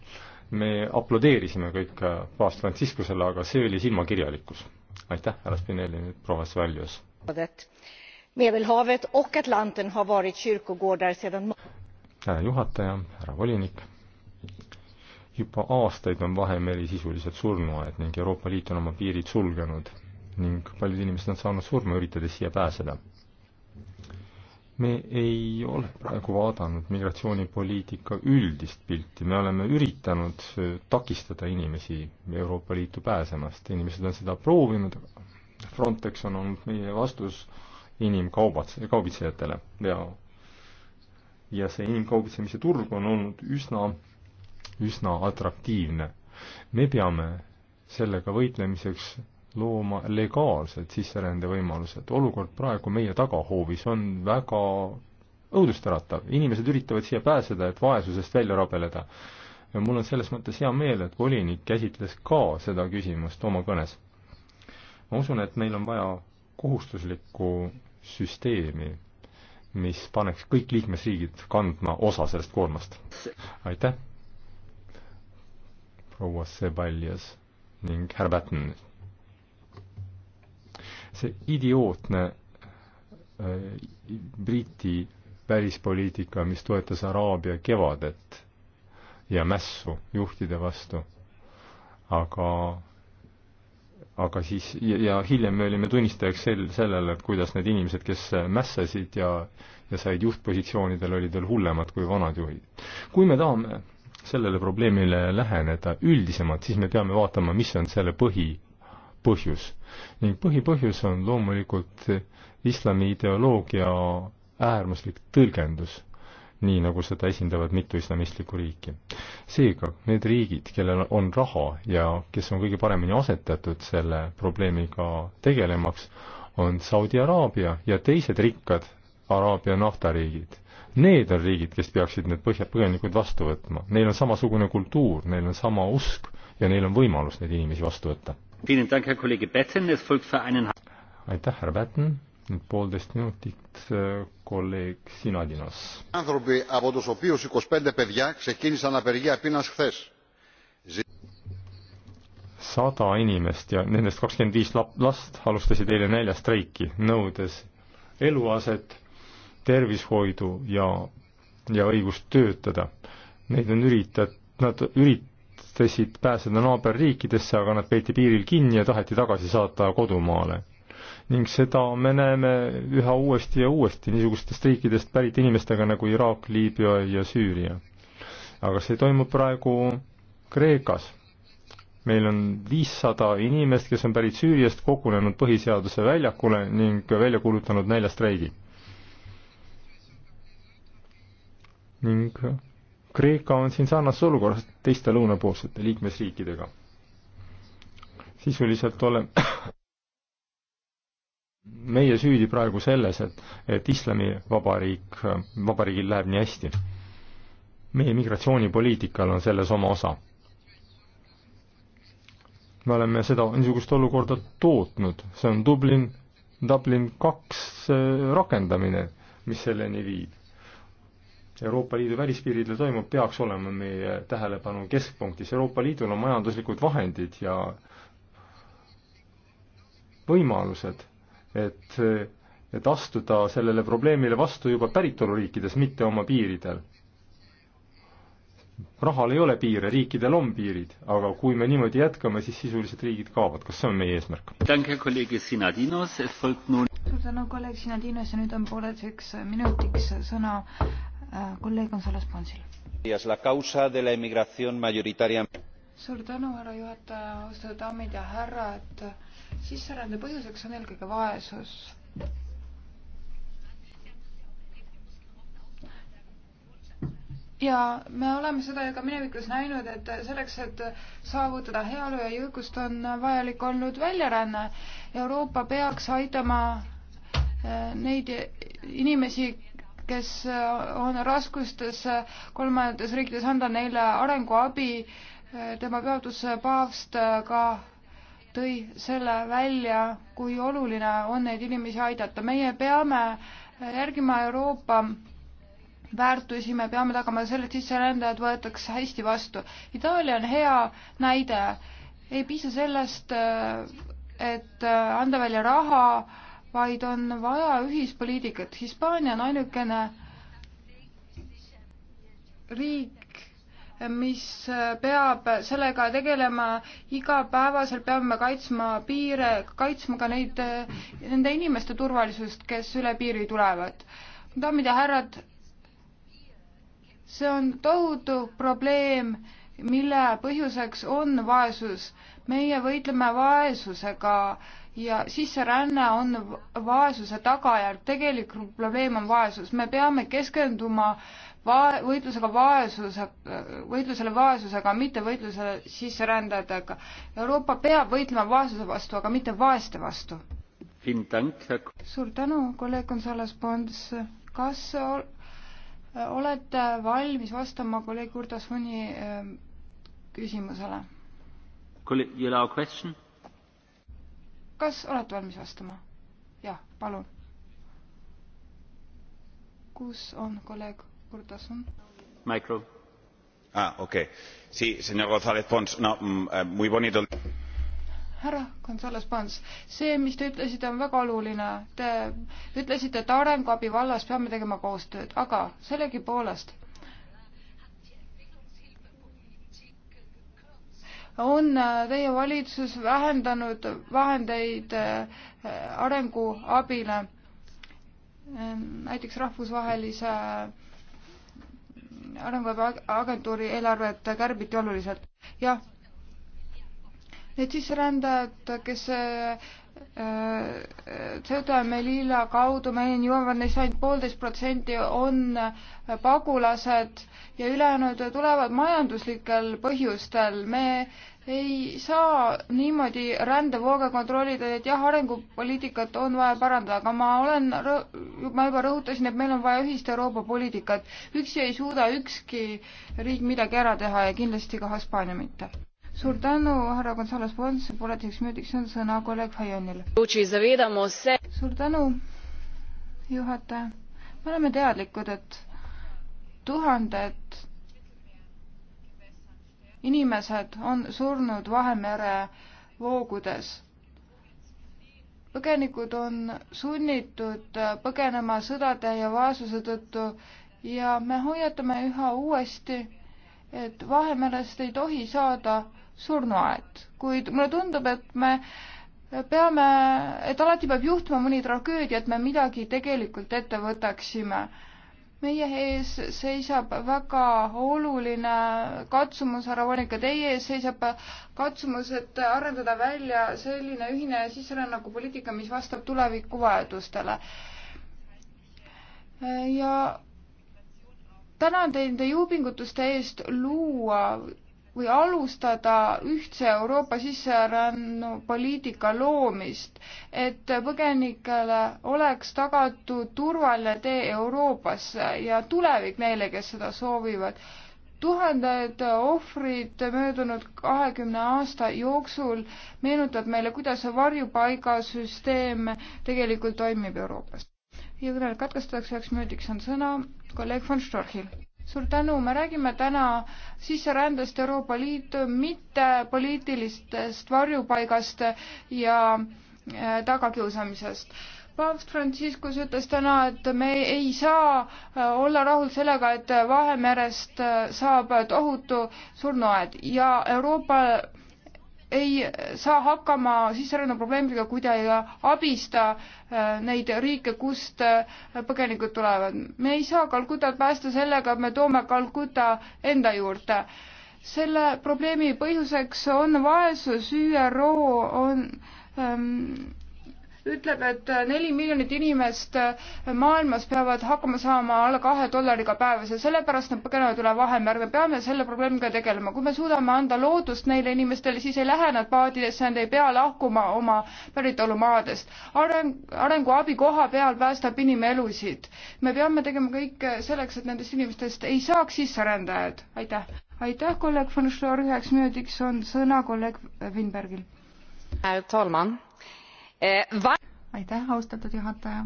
me aplodeerisime kõik äh, paavst Franciscusele, aga see oli silmakirjalikkus. aitäh, härra Spinelli, nüüd proua Svaljus. härra oh, juhataja, härra volinik, juba aastaid on Vahemeri sisuliselt surnuaed ning Euroopa Liit on oma piirid sulgenud ning paljud inimesed on saanud surma, üritades siia pääseda me ei ole praegu vaadanud migratsioonipoliitika üldist pilti, me oleme üritanud äh, takistada inimesi Euroopa Liitu pääsemast, inimesed on seda proovinud, Frontex on olnud meie vastus inimkaubats-, kaubitsejatele ja ja see inimkaubitsemise turg on olnud üsna, üsna atraktiivne. me peame sellega võitlemiseks looma legaalsed sisserändevõimalused. olukord praegu meie tagahoovis on väga õudustäratav, inimesed üritavad siia pääseda, et vaesusest välja rabeleda. ja mul on selles mõttes hea meel, et volinik käsitles ka seda küsimust oma kõnes. ma usun, et meil on vaja kohustuslikku süsteemi, mis paneks kõik liikmesriigid kandma osa sellest koormast. aitäh, proua Sebaljas ning härra Pätten see idiootne äh, Briti välispoliitika, mis toetas Araabia kevadet ja mässu juhtide vastu. aga, aga siis ja, ja hiljem me olime tunnistajaks sel-, sellele, et kuidas need inimesed, kes mässasid ja, ja said juhtpositsioonidel, olid veel hullemad kui vanad juhid. kui me tahame sellele probleemile läheneda üldisemalt, siis me peame vaatama, mis on selle põhi põhjus ning põhipõhjus on loomulikult islami ideoloogia äärmuslik tõlgendus, nii nagu seda esindavad mitu islamistlikku riiki. seega need riigid, kellel on raha ja kes on kõige paremini asetatud selle probleemiga tegelemaks, on Saudi Araabia ja teised rikkad Araabia naftariigid. Need on riigid, kes peaksid need põhja, põgenikud vastu võtma. Neil on samasugune kultuur, neil on sama usk ja neil on võimalus neid inimesi vastu võtta aitäh, härra Pätten, poolteist minutit äh, kolleeg Sinadinos. άνθρωποι από τους οποίους 25 παιδιά ξεκίνησαν απεργία πείνας χθες. sada inimest ja nendest kakskümmend viis last alustasid eile näljastreiki, nõudes eluaset, tervishoidu ja, ja õigust töötada. Neid on üritat-, nad ürit-, üritasid pääseda naaberriikidesse, aga nad peeti piiril kinni ja taheti tagasi saata kodumaale. ning seda me näeme üha uuesti ja uuesti niisugustest riikidest pärit inimestega nagu Iraak, Liibüa ja Süüria. aga see toimub praegu Kreekas. meil on viissada inimest, kes on pärit Süüriast, kogunenud Põhiseaduse väljakule ning välja kuulutanud näljastreigi. ning Kreeka on siin sarnases olukorras teiste lõunapoolsete liikmesriikidega. sisuliselt oleme [coughs] meie süüdi praegu selles, et, et islamivabariik, vabariigil läheb nii hästi. meie migratsioonipoliitikal on selles oma osa. me oleme seda, niisugust olukorda tootnud, see on Dublin, Dublin kaks äh, rakendamine, mis selleni viib Euroopa Liidu välispiiridel toimub, peaks olema meie tähelepanu keskpunktis. Euroopa Liidul on majanduslikud vahendid ja võimalused, et, et astuda sellele probleemile vastu juba päritoluriikides, mitte oma piiridel. rahal ei ole piire, riikidel on piirid, aga kui me niimoodi jätkame, siis sisuliselt riigid kaovad, kas see on meie eesmärk? suur tänu, kolleeg Sinadinos ja nüüd on pooleteiseks minutiks sõna Äh, kolleeg on selles pansil. suur tänu, härra juhataja, austatud daamid ja härrad. sisserände põhjuseks on eelkõige vaesus. ja me oleme seda ju ka minevikus näinud, et selleks, et saavutada heaolu ja jõukust, on vajalik olnud väljaränne. Euroopa peaks aitama äh, neid inimesi, kes äh, on raskustes äh, kolmandates riikides, anda neile arenguabi. Äh, tema peatus paavst ka tõi selle välja, kui oluline on neid inimesi aidata. meie peame järgima Euroopa väärtusi, me peame tagama selle, et sisserändajad võetakse hästi vastu. Itaalia on hea näide. ei piisa sellest, et anda välja raha vaid on vaja ühispoliitikat. Hispaania on ainukene riik, mis peab sellega tegelema igapäevaselt, peame kaitsma piire, kaitsma ka neid, nende inimeste turvalisust, kes üle piiri tulevad. daamid ja härrad, see on tohutu probleem, mille põhjuseks on vaesus. meie võitleme vaesusega äh, ja sisseränne on vaesuse tagajärg, tegelik probleem on vaesus, me peame keskenduma va-, võitlusega vaesuse, võitlusele vaesusega, mitte võitlusele sisserändajatega. Euroopa peab võitlema vaesuse vastu, aga mitte vaeste vastu. suur tänu, kolleeg Gonzales Pons, kas ol, olete valmis vastama kolleeg Urtas Huni äh, ehm, küsimusele? Kolleeg, you allow a question? kas olete valmis vastama? jah, palun. kus on kolleeg Urtasun? Micro. Ah, okay. Sí, señor González Pons, no, mm, eh, muy bonito. härra González Pons, see, mis te ütlesite, on väga oluline. Te ütlesite, et arenguabi vallas peame tegema koostööd, aga sellegipoolest on äh, teie valitsus vähendanud vahendeid äh, arenguabile, ähm, näiteks rahvusvahelise äh, arenguagentuuri eelarvet kärbiti oluliselt. jah, need sisserändajad, kes Sõdamelilla kaudu meieni jõuavad neist ainult poolteist protsenti on pagulased ja ülejäänud tulevad majanduslikel põhjustel. me ei saa niimoodi rändevooge kontrollida, et jah, arengupoliitikat on vaja parandada, aga ma olen, ma juba rõhutasin, et meil on vaja ühist Euroopa poliitikat. üksi ei suuda ükski riik midagi ära teha ja kindlasti ka Hispaania mitte suur tänu, härra Gonzales Pons, pooleteiseks minutiks on sõna kolleeg Fajonil. suur tänu, juhataja. me oleme teadlikud, et tuhanded inimesed on surnud Vahemere voogudes. põgenikud on sunnitud põgenema sõdade ja vaesuse tõttu ja me hoiatame üha uuesti, et Vahemerest ei tohi saada surnuaed, kuid mulle tundub, et me peame, et alati peab juhtuma mõni tragöödia, et me midagi tegelikult ette võtaksime. meie ees seisab väga oluline katsumus, härra Voonik, ka teie ees seisab katsumus, et arendada välja selline ühine sisserännakupoliitika, mis vastab tuleviku vajadustele. ja tänan teid teie jõupingutuste eest luua või alustada ühtse Euroopa sisserännupoliitika loomist, et põgenikele oleks tagatud turvaline tee Euroopasse ja tulevik neile, kes seda soovivad. tuhanded ohvrid möödunud kahekümne aasta jooksul meenutab meile, kuidas see varjupaigasüsteem tegelikult toimib Euroopas. ja kõnele katkestatakse üheks minutiks on sõna kolleeg von Storchil suur tänu, me räägime täna sisserändest Euroopa Liitu, mitte poliitilistest varjupaigast ja äh, tagakiusamisest. paavst Franciscus ütles täna, et me ei saa äh, olla rahul sellega, et Vahemerest äh, saab tohutu surnuaed ja Euroopa ei saa hakkama sisserännuprobleemidega, kui ta ei abista äh, neid riike, kust äh, põgenikud tulevad. me ei saa Kalkutat päästa sellega, et me toome Kalkuta enda juurde. selle probleemi põhjuseks on vaesus, ÜRO on ähm, ütleb, et neli miljonit inimest maailmas peavad hakkama saama alla kahe dollariga päevas ja sellepärast nad põgenevad üle Vahemere. me peame selle probleemiga tegelema. kui me suudame anda loodust neile inimestele, siis ei lähe nad paadidesse, nad ei pea lahkuma oma päritolumaadest. areng, arenguabi koha peal päästab inimelusid. me peame tegema kõik selleks, et nendest inimestest ei saaks sisserändajad. aitäh. aitäh, kolleeg von Schlor, üheks minutiks on sõna kolleeg Winbergil. Herr talman! Eh, aitäh, austatud juhataja.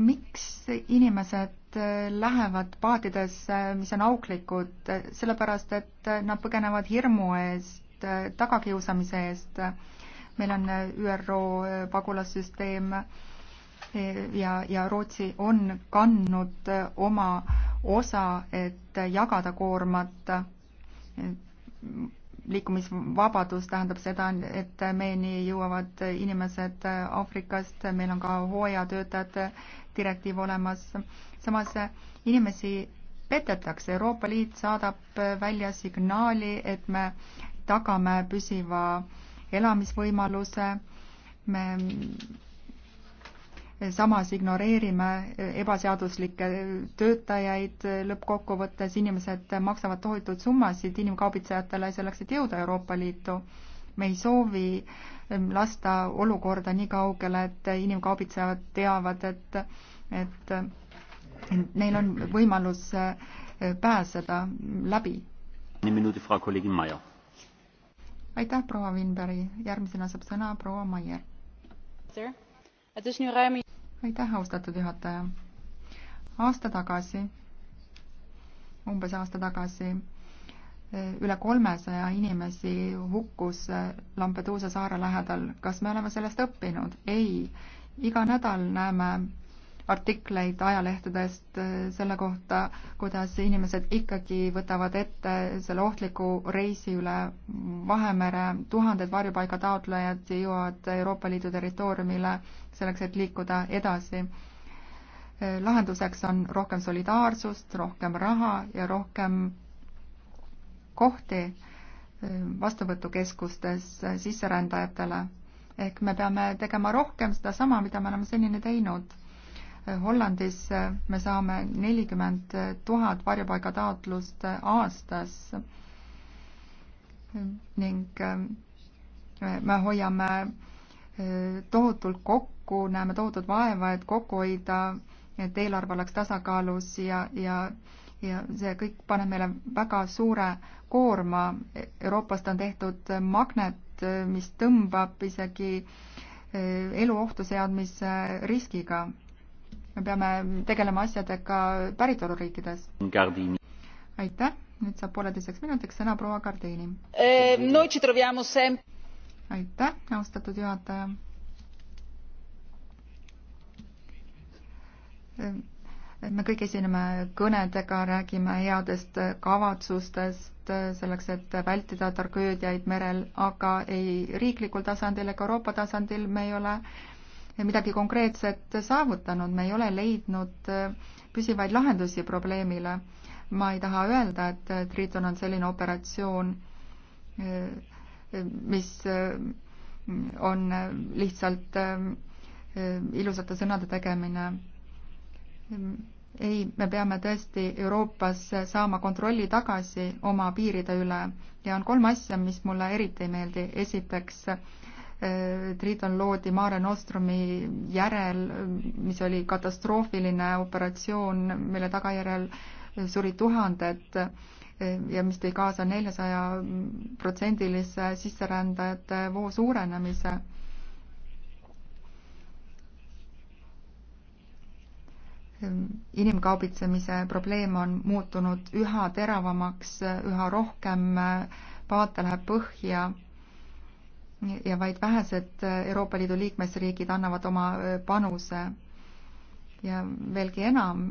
miks inimesed eh, lähevad paatidesse, mis on auklikud, sellepärast et nad põgenevad hirmu eest, eh, tagakiusamise eest. meil on ÜRO pagulassüsteem ja, ja Rootsi on kandnud oma osa, et jagada koormat liikumisvabadus tähendab seda, et meieni jõuavad inimesed Aafrikast, meil on ka hooajatöötajate direktiiv olemas. samas inimesi petetakse, Euroopa Liit saadab välja signaali, et me tagame püsiva elamisvõimaluse, me samas ignoreerime ebaseaduslikke töötajaid, lõppkokkuvõttes inimesed maksavad tohutuid summasid inimkaubitsejatele selleks, et jõuda Euroopa Liitu. me ei soovi ähm, lasta olukorda nii kaugele, et inimkaubitsejad teavad, et, et neil on võimalus äh, pääseda läbi. aitäh, proua Winberg, järgmisena saab sõna proua Maier aitäh, austatud juhataja. aasta tagasi, umbes aasta tagasi, üle kolmesaja inimesi hukkus Lampeduusa saare lähedal. kas me oleme sellest õppinud? ei. iga nädal näeme artikleid ajalehtedest äh, selle kohta, kuidas inimesed ikkagi võtavad ette selle ohtliku reisi üle Vahemere, tuhanded varjupaiga taotlejad jõuavad Euroopa Liidu territooriumile selleks, et liikuda edasi. Äh, lahenduseks on rohkem solidaarsust, rohkem raha ja rohkem kohti äh, vastuvõtukeskustes sisserändajatele. ehk me peame tegema rohkem sedasama, mida me oleme senini teinud Hollandis eh, me saame nelikümmend tuhat varjupaigataotlust eh, aastas ning eh, me hoiame tohutult kokku, näeme tohutut vaeva, et kokku hoida, et eelarve oleks tasakaalus ja, ja ja see kõik paneb meile väga suure koorma. Euroopast on tehtud magnet, mis tõmbab isegi eluohtu seadmise riskiga me peame tegelema asjadega päritoluriikides. aitäh, nüüd saab pooleteiseks minutiks sõna proua Gardeini eh,. aitäh, austatud juhataja me kõik esineme kõnedega, räägime headest kavatsustest selleks, et vältida tragöödiaid merel, aga ei riiklikul tasandil ega Euroopa tasandil me ei ole äh, midagi konkreetset saavutanud, me ei ole leidnud äh, püsivaid lahendusi probleemile. ma ei taha öelda, et äh, Triton on selline operatsioon, äh, mis on lihtsalt ilusate sõnade tegemine. ei, me peame tõesti Euroopas saama kontrolli tagasi oma piiride üle ja on kolm asja, mis mulle eriti ei meeldi. esiteks Äh, Triton loodi Mare Nostrumi järel, äh, mis oli katastroofiline operatsioon, mille tagajärjel suri tuhanded äh, ja mis tõi kaasa neljasaja protsendilise sisserändajate voo suurenemise inimkaubitsemise probleem on muutunud üha teravamaks, üha rohkem paate läheb põhja ja vaid vähesed äh, Euroopa Liidu liikmesriigid annavad oma äh, panuse. ja veelgi enam,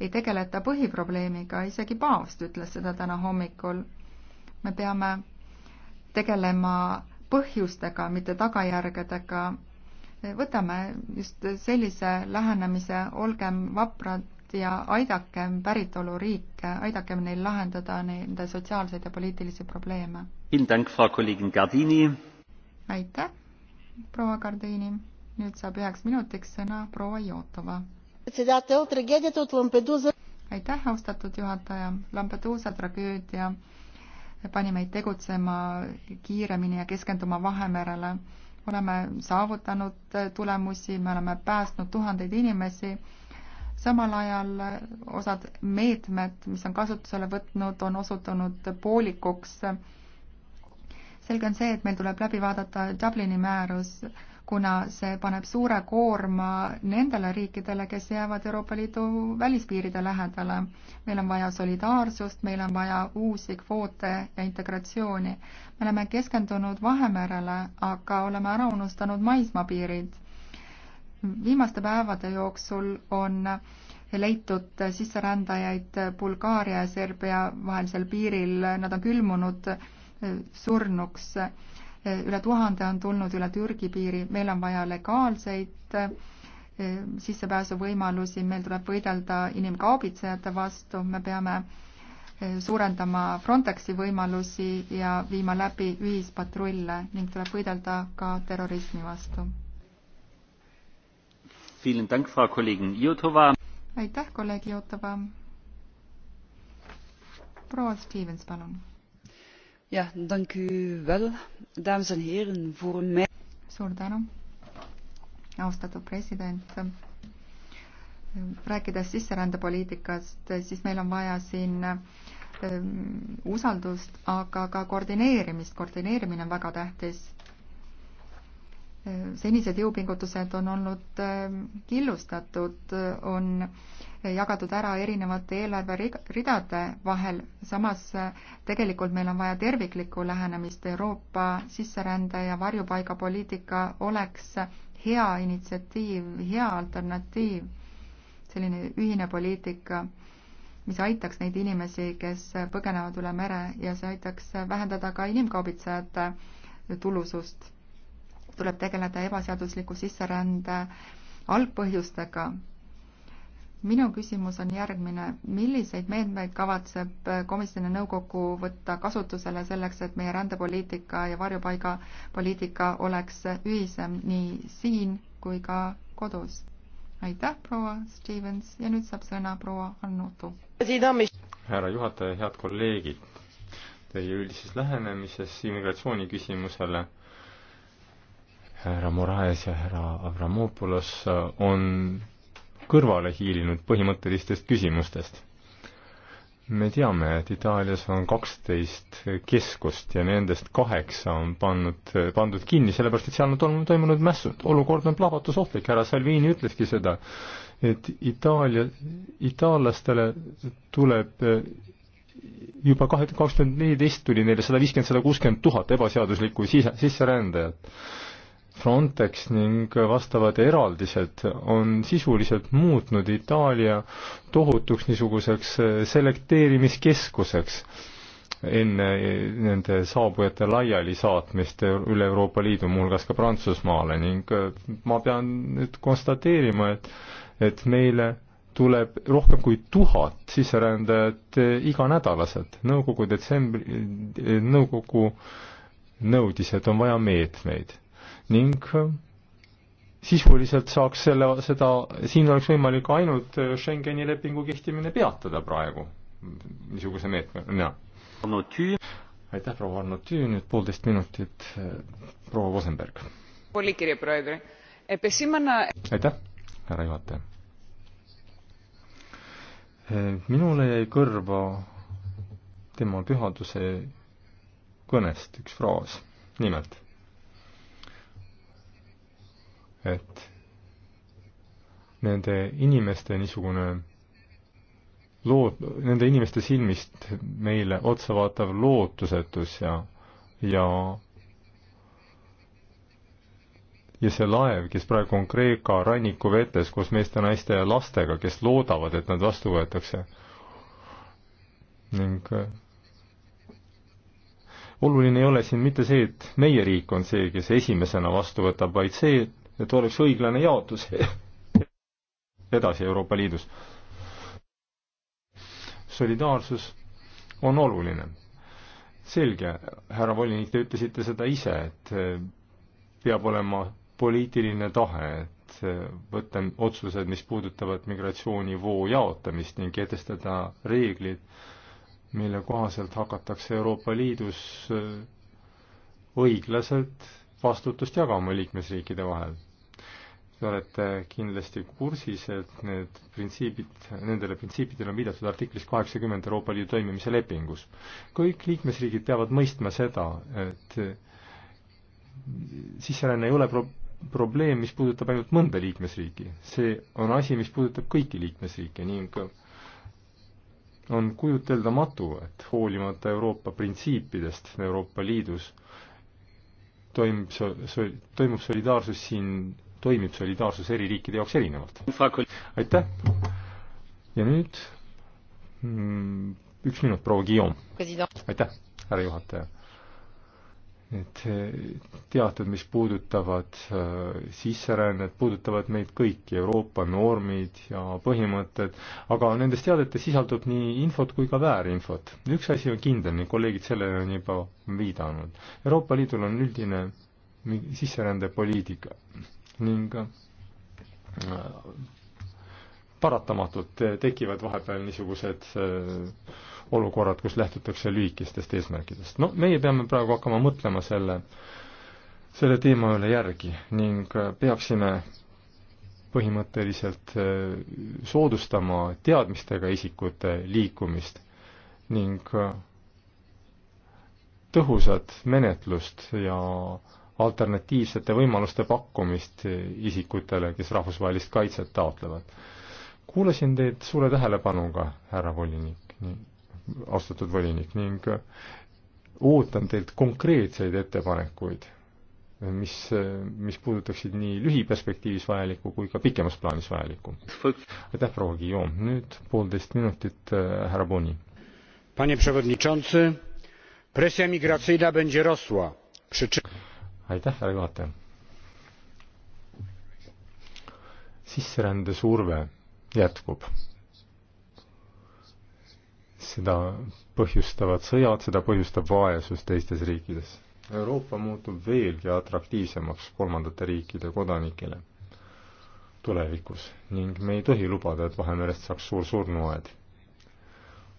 ei tegeleta põhiprobleemiga, isegi paavst ütles seda täna hommikul. me peame tegelema põhjustega, mitte tagajärgedega. võtame just sellise lähenemise, olgem vaprad ja aidakem päritoluriike, aidakem neil lahendada nende sotsiaalseid ja poliitilisi probleeme aitäh, proua Gardiini. nüüd saab üheks minutiks sõna proua Jootova. aitäh, austatud juhataja. Lampeduusa tragöödia pani meid tegutsema kiiremini ja keskenduma Vahemerele. oleme saavutanud tulemusi, me oleme päästnud tuhandeid inimesi samal ajal osad meetmed, mis on kasutusele võtnud, on osutunud poolikuks selge on see, et meil tuleb läbi vaadata Dublini määrus, kuna see paneb suure koorma nendele riikidele, kes jäävad Euroopa Liidu välispiiride lähedale. meil on vaja solidaarsust, meil on vaja uusi kvoote ja integratsiooni. me oleme keskendunud Vahemerele, aga oleme ära unustanud maismaapiirid. viimaste päevade jooksul on leitud sisserändajaid Bulgaaria ja Serbia vahelisel piiril, nad on külmunud surnuks. üle tuhande on tulnud üle Türgi piiri, meil on vaja legaalseid eh, sissepääsuvõimalusi, meil tuleb võidelda inimkaubitsejate vastu, me peame eh, suurendama Frontexi võimalusi ja viima läbi ühispatrulle ning tuleb võidelda ka terrorismi vastu. aitäh, kolleeg Jutova. proua Stevens, palun jah, dank u wel, dames en heren, voor me. suur tänu, austatud president. Ähm, rääkides sisserändepoliitikast, äh, siis meil on vaja siin ähm, usaldust, aga ka koordineerimist. koordineerimine on väga tähtis. Äh, senised jõupingutused on olnud ähm, killustatud, äh, on jagatud ära erinevate eelarveridade vahel, samas äh, tegelikult meil on vaja terviklikku lähenemist, Euroopa sisserände- ja varjupaigapoliitika oleks hea initsiatiiv, hea alternatiiv, selline ühine poliitika, mis aitaks neid inimesi, kes põgenevad üle mere ja see aitaks vähendada ka inimkaubitsejate tulusust. tuleb tegeleda ebaseadusliku sisserände algpõhjustega minu küsimus on järgmine, milliseid meetmeid kavatseb komisjon ja nõukogu võtta kasutusele selleks, et meie rändepoliitika ja varjupaigapoliitika oleks ühisem nii siin kui ka kodus? aitäh, proua Stevens ja nüüd saab sõna proua Annutu. härra juhataja, head kolleegid, teie üldises lähenemises immigratsiooniküsimusele härra Moraes ja härra Avramopoulos on kõrvale hiilinud põhimõttelistest küsimustest. me teame, et Itaalias on kaksteist keskust ja nendest kaheksa on pannud, pandud kinni, sellepärast et seal on toimunud, toimunud mässud. olukord on plahvatusohtlik, härra Salvini ütleski seda, et Itaalia, itaallastele tuleb eh, juba kahe, kakskümmend neliteist tuli neile sada viiskümmend, sada kuuskümmend tuhat ebaseaduslikku sise, sisserändajat Frontex ning vastavad eraldised on sisuliselt muutnud Itaalia tohutuks niisuguseks eh, selekteerimiskeskuseks enne eh, nende saabujate laialisaatmist üle Euroopa Liidu, muuhulgas ka Prantsusmaale ning eh, ma pean nüüd konstateerima, et, et meile tuleb rohkem kui tuhat sisserändajat iganädalaselt. nõukogu detsembri, nõukogu nõudis, et on vaja meetmeid ning äh, sisuliselt saaks selle, seda, siin oleks võimalik ainult äh, Schengeni lepingu kehtimine peatada praegu niisuguse meetmena. aitäh, proua Arno Tüü, nüüd poolteist minutit, äh, proua Vosenberg. aitäh, härra juhataja. minule jäi kõrva tema pühaduse kõnest üks fraas, nimelt et nende inimeste niisugune loot-, nende inimeste silmist meile otsa vaatav lootusetus ja, ja ja see laev, kes praegu on Kreeka rannikuvetes koos meeste, naiste ja lastega, kes loodavad, et nad vastu võetakse. ning äh, oluline ei ole siin mitte see, et meie riik on see, kes esimesena vastu võtab, vaid see, et oleks õiglane jaotus [laughs] edasi Euroopa Liidus. solidaarsus on oluline. selge, härra volinik, te ütlesite seda ise, et eh, peab olema poliitiline tahe, et eh, võtta otsused, mis puudutavad migratsioonivoo jaotamist ning kehtestada reeglid, mille kohaselt hakatakse Euroopa Liidus eh, õiglaselt vastutust jagama liikmesriikide vahel Te olete kindlasti kursis, et need printsiibid, nendele printsiibidele on viidatud artiklis kaheksakümmend Euroopa Liidu toimimise lepingus. kõik liikmesriigid peavad mõistma seda, et sisseränne ei ole pro-, probleem, mis puudutab ainult mõnda liikmesriiki. see on asi, mis puudutab kõiki liikmesriike ning on kujuteldamatu, et hoolimata Euroopa printsiipidest Euroopa Liidus toimub, toimub solidaarsus siin toimib solidaarsus eri riikide jaoks erinevalt. aitäh! ja nüüd mm, üks minut, proua Guillaume. aitäh, härra juhataja! Need eh, teated, mis puudutavad eh, sisserännet, puudutavad meid kõiki, Euroopa normid ja põhimõtted, aga nendes teadetes sisaldub nii infot kui ka väärinfot. üks asi on kindel, nii kolleegid sellele on juba viidanud. Euroopa Liidul on üldine sisserändepoliitika ning äh, paratamatult tekivad vahepeal niisugused äh, olukorrad, kus lähtutakse lühikestest eesmärkidest. no meie peame praegu hakkama mõtlema selle, selle teema üle järgi ning äh, peaksime põhimõtteliselt soodustama teadmistega isikute liikumist ning tõhusat menetlust ja äh, alternatiivsete võimaluste pakkumist isikutele, kes rahvusvahelist kaitset taotlevad. kuulasin teid suure tähelepanuga, härra volinik, austatud volinik, ning ootan teilt konkreetseid ettepanekuid, mis, mis puudutaksid nii lühiperspektiivis vajalikku kui ka pikemas plaanis vajalikku. aitäh, proua Guillaume, nüüd poolteist minutit härra Boni. Panie przewodniczący, presja migracyjna będzie rosła. Przyczy- aitäh, härra juhataja. sisserände surve jätkub. seda põhjustavad sõjad, seda põhjustab vaesus teistes riikides. Euroopa muutub veelgi atraktiivsemaks kolmandate riikide kodanikele tulevikus ning me ei tohi lubada, et Vahemerest saaks suur surnuaed.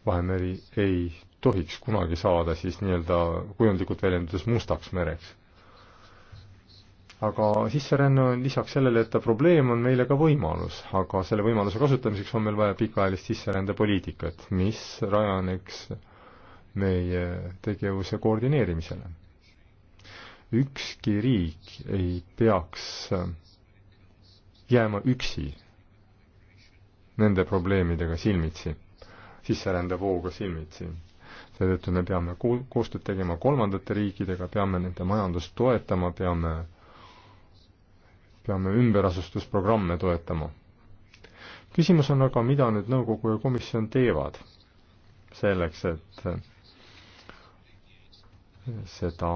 Vahemeri ei tohiks kunagi saada siis nii-öelda kujundlikult väljendudes mustaks mereks aga sisseränne on lisaks sellele, et ta probleem, on meile ka võimalus, aga selle võimaluse kasutamiseks on meil vaja pikaajalist sisserändepoliitikat, mis rajaneks meie tegevuse koordineerimisele. ükski riik ei peaks jääma üksi nende probleemidega silmitsi, sisserändevooga silmitsi seetõttu me peame koostööd tegema kolmandate riikidega, peame nende majandust toetama, peame peame ümberasustusprogramme toetama. küsimus on aga, mida nüüd nõukogu ja komisjon teevad selleks, et seda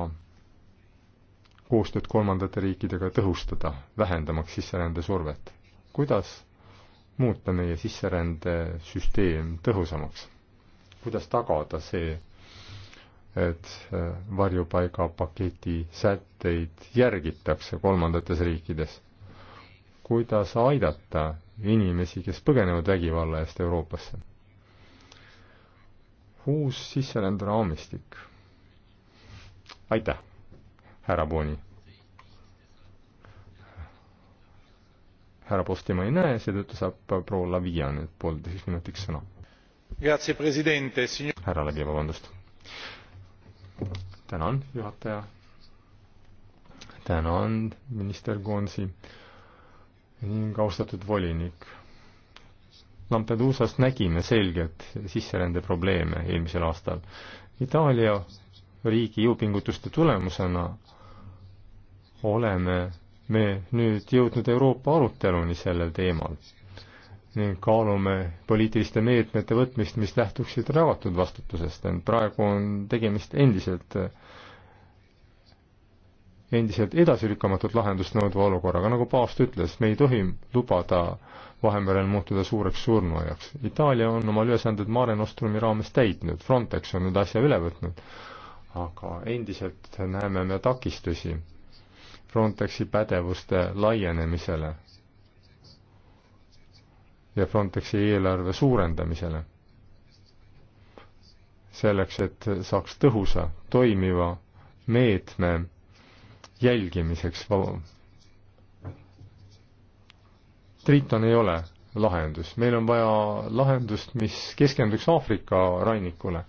koostööd kolmandate riikidega tõhustada, vähendamaks sisserände survet. kuidas muuta meie sisserändesüsteem tõhusamaks? kuidas tagada see et äh, varjupaigapaketi sätteid järgitakse kolmandates riikides. kuidas aidata inimesi, kes põgenevad vägivalla eest Euroopasse? uus sisseränderaamistik. aitäh, härra Boni. härra Posti ma ei näe, seetõttu saab proua Lavia nüüd poolteiseks minutiks sõna. härra Lavia, vabandust tänan, juhataja. tänan, minister Gonsi ning austatud volinik. Lampeduusas nägime selgelt sisserände probleeme eelmisel aastal. Itaalia riigi jõupingutuste tulemusena oleme me nüüd jõudnud Euroopa aruteluni sellel teemal ning kaalume poliitiliste meetmete võtmist, mis lähtuksid jagatud vastutusest, ent praegu on tegemist endiselt, endiselt edasilükkamatut lahendust nõudva olukorraga, nagu paavst ütles, me ei tohi lubada Vahemerel muutuda suureks surnuaiaks. Itaalia on oma ülesanded Mare Nostrumi raames täitnud, Frontex on nüüd asja üle võtnud, aga endiselt näeme me takistusi Frontexi pädevuste laienemisele ja Frontexi eelarve suurendamisele. selleks, et saaks tõhusa, toimiva meetme jälgimiseks vaba. Triton ei ole lahendus, meil on vaja lahendust, mis keskenduks Aafrika rannikule,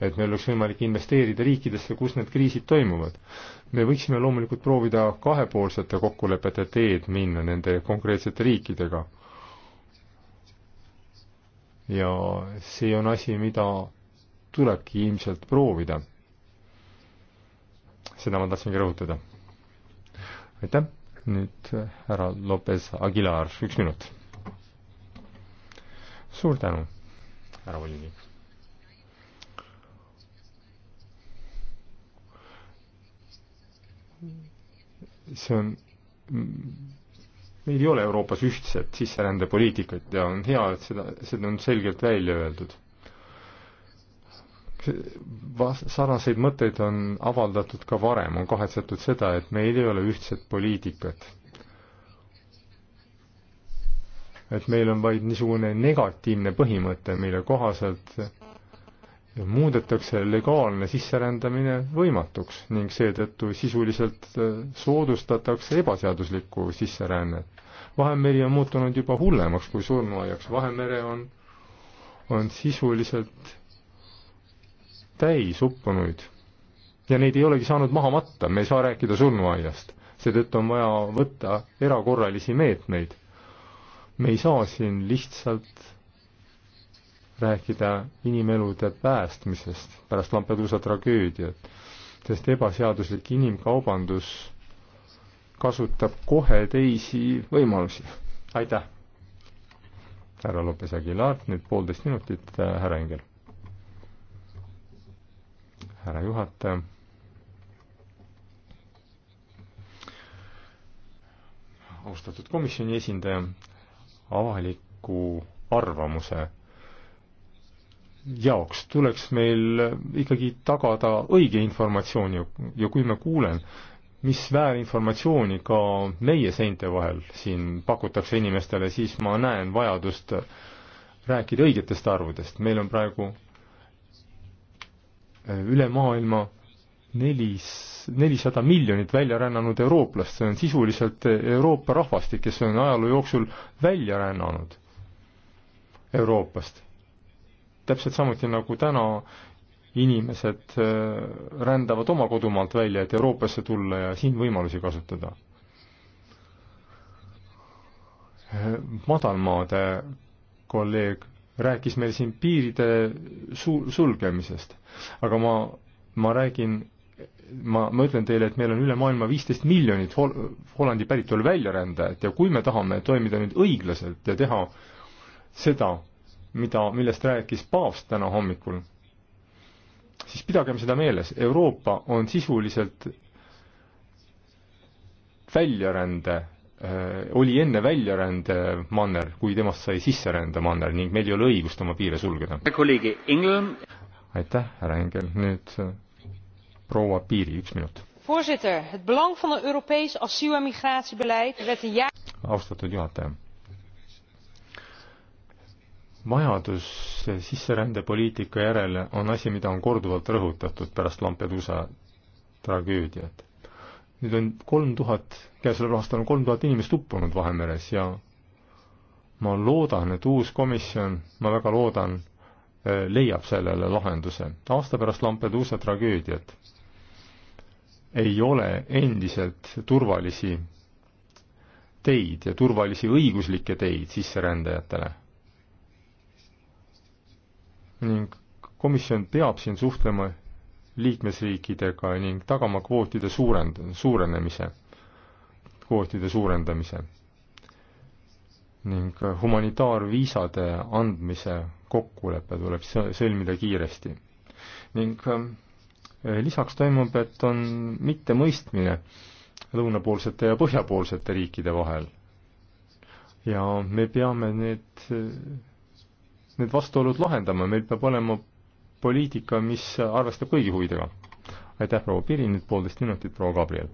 et meil oleks võimalik investeerida riikidesse, kus need kriisid toimuvad. me võiksime loomulikult proovida kahepoolsete kokkulepete teed minna nende konkreetsete riikidega ja see on asi, mida tulebki ilmselt proovida. seda ma tahtsingi rõhutada. aitäh, nüüd härra Lopez Aguilar, üks minut. suur tänu, härra volinik. see on meil ei ole Euroopas ühtset sisserändepoliitikat ja on hea, et seda, seda on selgelt välja öeldud. Vas-, sarnaseid mõtteid on avaldatud ka varem, on kahetsetud seda, et meil ei ole ühtset poliitikat. et meil on vaid niisugune negatiivne põhimõte, mille kohaselt muudetakse legaalne sisserändamine võimatuks ning seetõttu sisuliselt äh, soodustatakse ebaseaduslikku sisserännet. Vahemeri on muutunud juba hullemaks kui surnuaiaks, Vahemere on, on sisuliselt täis uppunuid ja neid ei olegi saanud maha matta, me ei saa rääkida surnuaiast. seetõttu on vaja võtta erakorralisi meetmeid. me ei saa siin lihtsalt rääkida inimelude päästmisest pärast Lampedusa tragöödiat, sest ebaseaduslik inimkaubandus kasutab kohe teisi võimalusi. aitäh! härra Lopes Aguilar, nüüd poolteist minutit, härra Engel. härra juhataja. austatud komisjoni esindaja, avaliku arvamuse jaoks tuleks meil ikkagi tagada õige informatsioon ja, ja kui me kuulen, mis väärinformatsiooni ka meie seinte vahel siin pakutakse inimestele, siis ma näen vajadust rääkida õigetest arvudest. meil on praegu äh, üle maailma nelis, nelisada miljonit välja rännanud eurooplast, see on sisuliselt Euroopa rahvastik, kes on ajaloo jooksul välja rännanud Euroopast täpselt samuti nagu täna inimesed äh, rändavad oma kodumaalt välja, et Euroopasse tulla ja siin võimalusi kasutada. Äh, madalmaade kolleeg rääkis meil siin piiride sul-, sulgemisest, aga ma, ma räägin ma, ma ütlen teile, et meil on üle maailma viisteist miljonit hol-, Hollandi päritolu väljarändajat ja kui me tahame toimida nüüd õiglaselt ja teha seda, mida, millest rääkis paavst täna hommikul, siis pidagem seda meeles, Euroopa on sisuliselt väljarände, äh, oli enne väljarände manner, kui temast sai sisserände manner ning meil ei ole õigust oma piire sulgeda. aitäh, härra Engel, nüüd äh, proua Piiri, üks minut. voorzitter, het belang van een Europees asiel- en migratiebeleid werd een jaar austatud juhataja majandus sisserändepoliitika järele on asi, mida on korduvalt rõhutatud pärast Lampedusa tragöödiat. nüüd on kolm tuhat, käesoleval aastal on kolm tuhat inimest uppunud Vahemeres ja ma loodan, et uus komisjon, ma väga loodan, eh, leiab sellele lahenduse. aasta pärast Lampedusa tragöödiat ei ole endiselt turvalisi teid ja turvalisi õiguslikke teid sisserändajatele ning komisjon peab siin suhtlema liikmesriikidega ning tagama kvootide suurend-, suurenemise, kvootide suurendamise ning äh, humanitaarviisade andmise kokkulepe tuleb sõlmida kiiresti. ning ähm, äh, lisaks toimub, et on mittemõistmine lõunapoolsete ja põhjapoolsete riikide vahel. ja me peame need äh, need vastuolud lahendama, meil peab olema poliitika, mis arvestab kõigi huvidega. aitäh, proua Piri, nüüd poolteist minutit, proua Gabriel.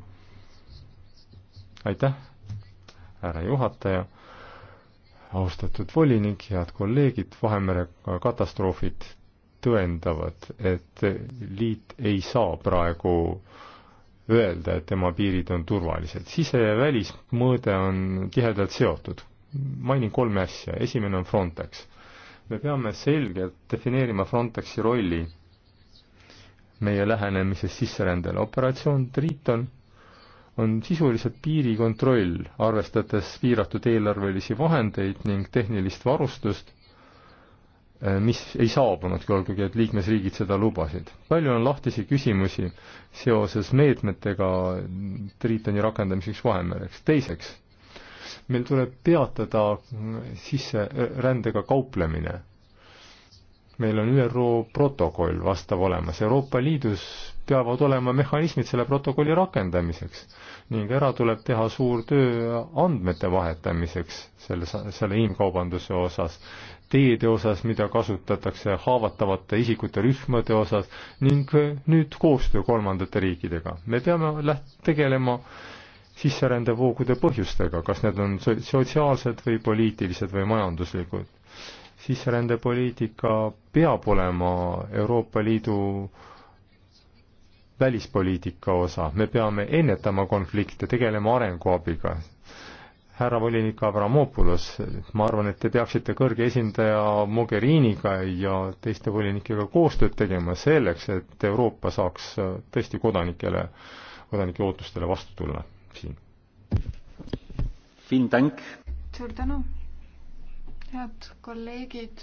aitäh, härra juhataja, austatud volinik, head kolleegid, Vahemere katastroofid tõendavad, et liit ei saa praegu öelda, et tema piirid on turvalised. sise- ja välismõõde on tihedalt seotud. mainin kolme asja, esimene on Frontex me peame selgelt defineerima Frontexi rolli meie lähenemises sisserändele. operatsioon Triton on sisuliselt piirikontroll, arvestades piiratud eelarvelisi vahendeid ning tehnilist varustust, eh, mis ei saabunudki, olgugi et liikmesriigid seda lubasid. palju on lahtisi küsimusi seoses meetmetega Tritoni rakendamiseks Vahemereks. teiseks meil tuleb peatada sisserändega äh, kauplemine. meil on ÜRO protokoll vastav olemas, Euroopa Liidus peavad olema mehhanismid selle protokolli rakendamiseks ning ära tuleb teha suur töö andmete vahetamiseks selle, selle inimkaubanduse osas, teede osas, mida kasutatakse, haavatavate isikute rühmade osas ning nüüd koostöö kolmandate riikidega. me peame läht-, tegelema äh, sisserändevoogude põhjustega, kas need on sotsiaalsed või poliitilised või majanduslikud. sisserändepoliitika peab olema Euroopa Liidu välispoliitika osa, me peame ennetama konflikte, tegelema arenguabiga. härra volinik Avramopoulos, ma arvan, et te peaksite kõrge esindaja Mogheriniga ja teiste volinikega koostööd tegema selleks, et Euroopa saaks tõesti kodanikele, kodanike ootustele vastu tulla suur tänu, head kolleegid.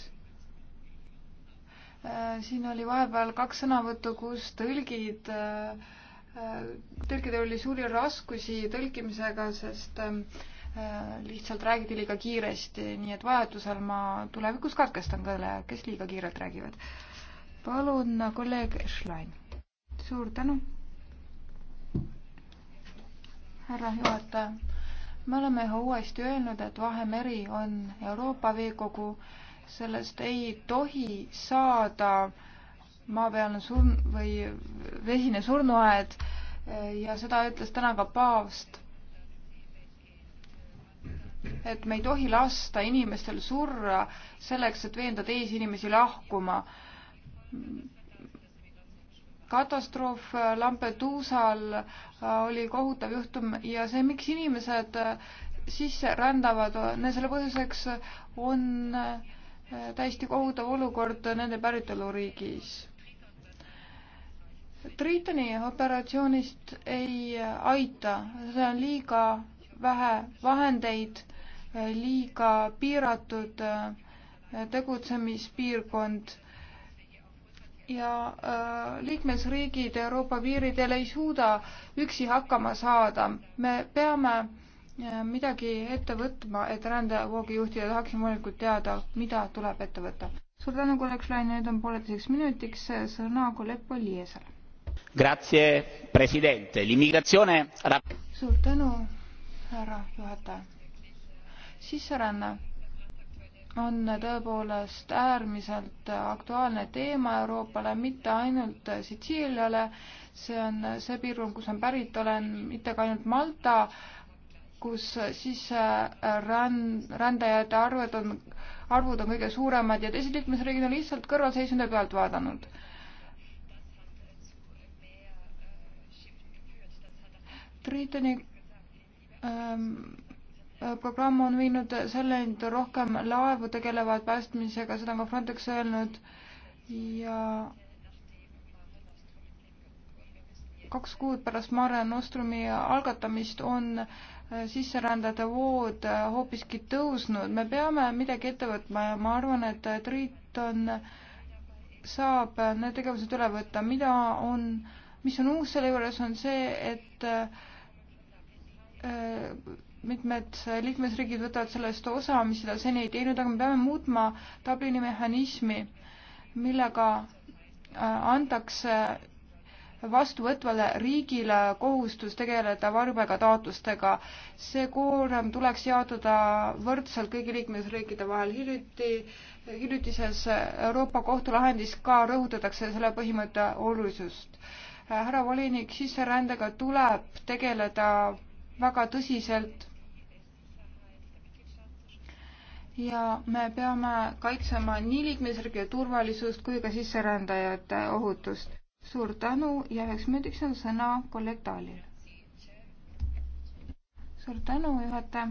Äh, siin oli vahepeal kaks sõnavõttu, kus tõlgid, äh, äh, tõlkidel oli suuri raskusi tõlkimisega, sest lihtsalt räägiti liiga kiiresti, nii et vajadusel ma tulevikus katkestan kõne, kes liiga kiirelt räägivad. palun, kolleeg Schlein. suur tänu härra juhataja. me oleme ühe uuesti öelnud, et Vahemeri on Euroopa veekogu, sellest ei tohi saada maapealne surn- või vesine surnuaed ja seda ütles täna ka paavst. et me ei tohi lasta inimestel surra selleks, et veenda teisi inimesi lahkuma katastroof Lampeduusal äh, oli kohutav juhtum ja see, miks inimesed äh, sisse rändavad, äh, selle põhjuseks on täiesti kohutav olukord nende päritoluriigis. Tritoni operatsioonist ei aita, see on liiga vähe vahendeid, liiga piiratud tegutsemispiirkond ja äh, liikmesriigid Euroopa piiridel ei suuda üksi hakkama saada. me peame äh, midagi ette võtma, et rändevoogi juhtida, tahaksin loomulikult teada, mida tuleb ette võtta. suur tänu, kolleeg Schlein, nüüd on pooleteiseks minutiks äh, sõna kolleeg Poliesele. Grazie, president, l'immigratsioone. suur tänu, härra juhataja. sisseränne on tõepoolest äärmiselt aktuaalne teema Euroopale, mitte ainult Sitsiiliale, see on see piirkond, kus ma pärit olen, mitte ka ainult Malta, kus sisseränd, rändajate arved on, arvud on kõige suuremad ja teised liikmesriigid on lihtsalt kõrvalseisunda pealt vaadanud Triitoni ähm, Äh, programm on viinud selleni, et rohkem laevu tegelevad päästmisega, seda on ka Frontex öelnud ja kaks kuud pärast Mare Nostrumi algatamist on äh, sisserändajate vood äh, hoopiski tõusnud. me peame midagi ette võtma ja ma arvan, et Triton saab need tegevused üle võtta. mida on, mis on uus selle juures, on see, et äh, mitmed liikmesriigid võtavad sellest osa, mis seda seni ei teinud, aga me peame muutma Dublini mehhanismi, millega äh, antakse vastuvõtvale riigile kohustus tegeleda varjupaigataotlustega. see koorem tuleks jaotada võrdselt kõigi liikmesriikide vahel. hiljuti, hiljutises Euroopa Kohtu lahendis ka rõhutatakse selle põhimõtte olulisust. Äh, härra volinik, sisserändega tuleb tegeleda väga tõsiselt ja me peame kaitsema nii liikmesriigi turvalisust kui ka sisserändajate ohutust. suur tänu ja üheks minutiks on sõna kolleeg Taalil. suur tänu, juhataja.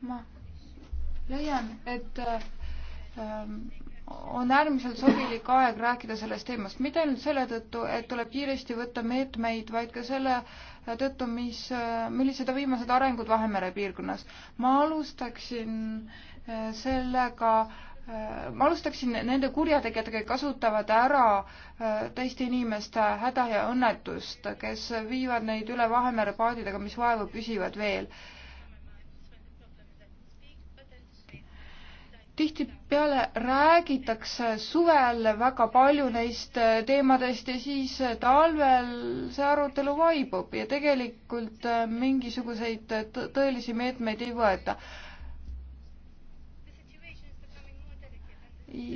ma leian, et ähm, on äärmiselt sobilik aeg rääkida sellest teemast, mitte ainult selle tõttu, et tuleb kiiresti võtta meetmeid, vaid ka selle äh, tõttu, mis, millised on viimased arengud Vahemere piirkonnas. ma alustaksin äh, sellega, äh, ma alustaksin nende kurjategijatega, kes kasutavad ära äh, teiste inimeste häda ja õnnetust, kes viivad neid üle Vahemere paadidega, mis vaevu püsivad veel tihtipeale räägitakse suvel väga palju neist äh, teemadest ja siis äh, talvel see arutelu vaibub ja tegelikult äh, mingisuguseid tõelisi meetmeid ei võeta.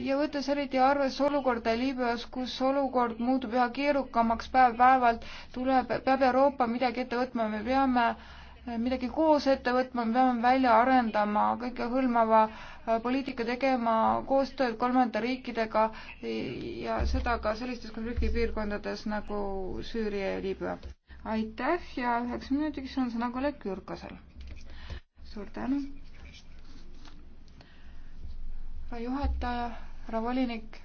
ja võttes eriti arvesse olukorda Liibüas, kus olukord muutub üha keerukamaks päev-päevalt, tuleb, peab Euroopa midagi ette võtma, me peame äh, Eh, midagi koos ette võtma, me peame välja arendama kõikehõlmava eh, poliitika, tegema koostööd kolmanda riikidega ja seda ka sellistes konfliktipiirkondades nagu Süüria ja Liibüa. aitäh ja üheks minutiks on sõna kolleeg Jürkasel. suur tänu. härra juhataja, härra volinik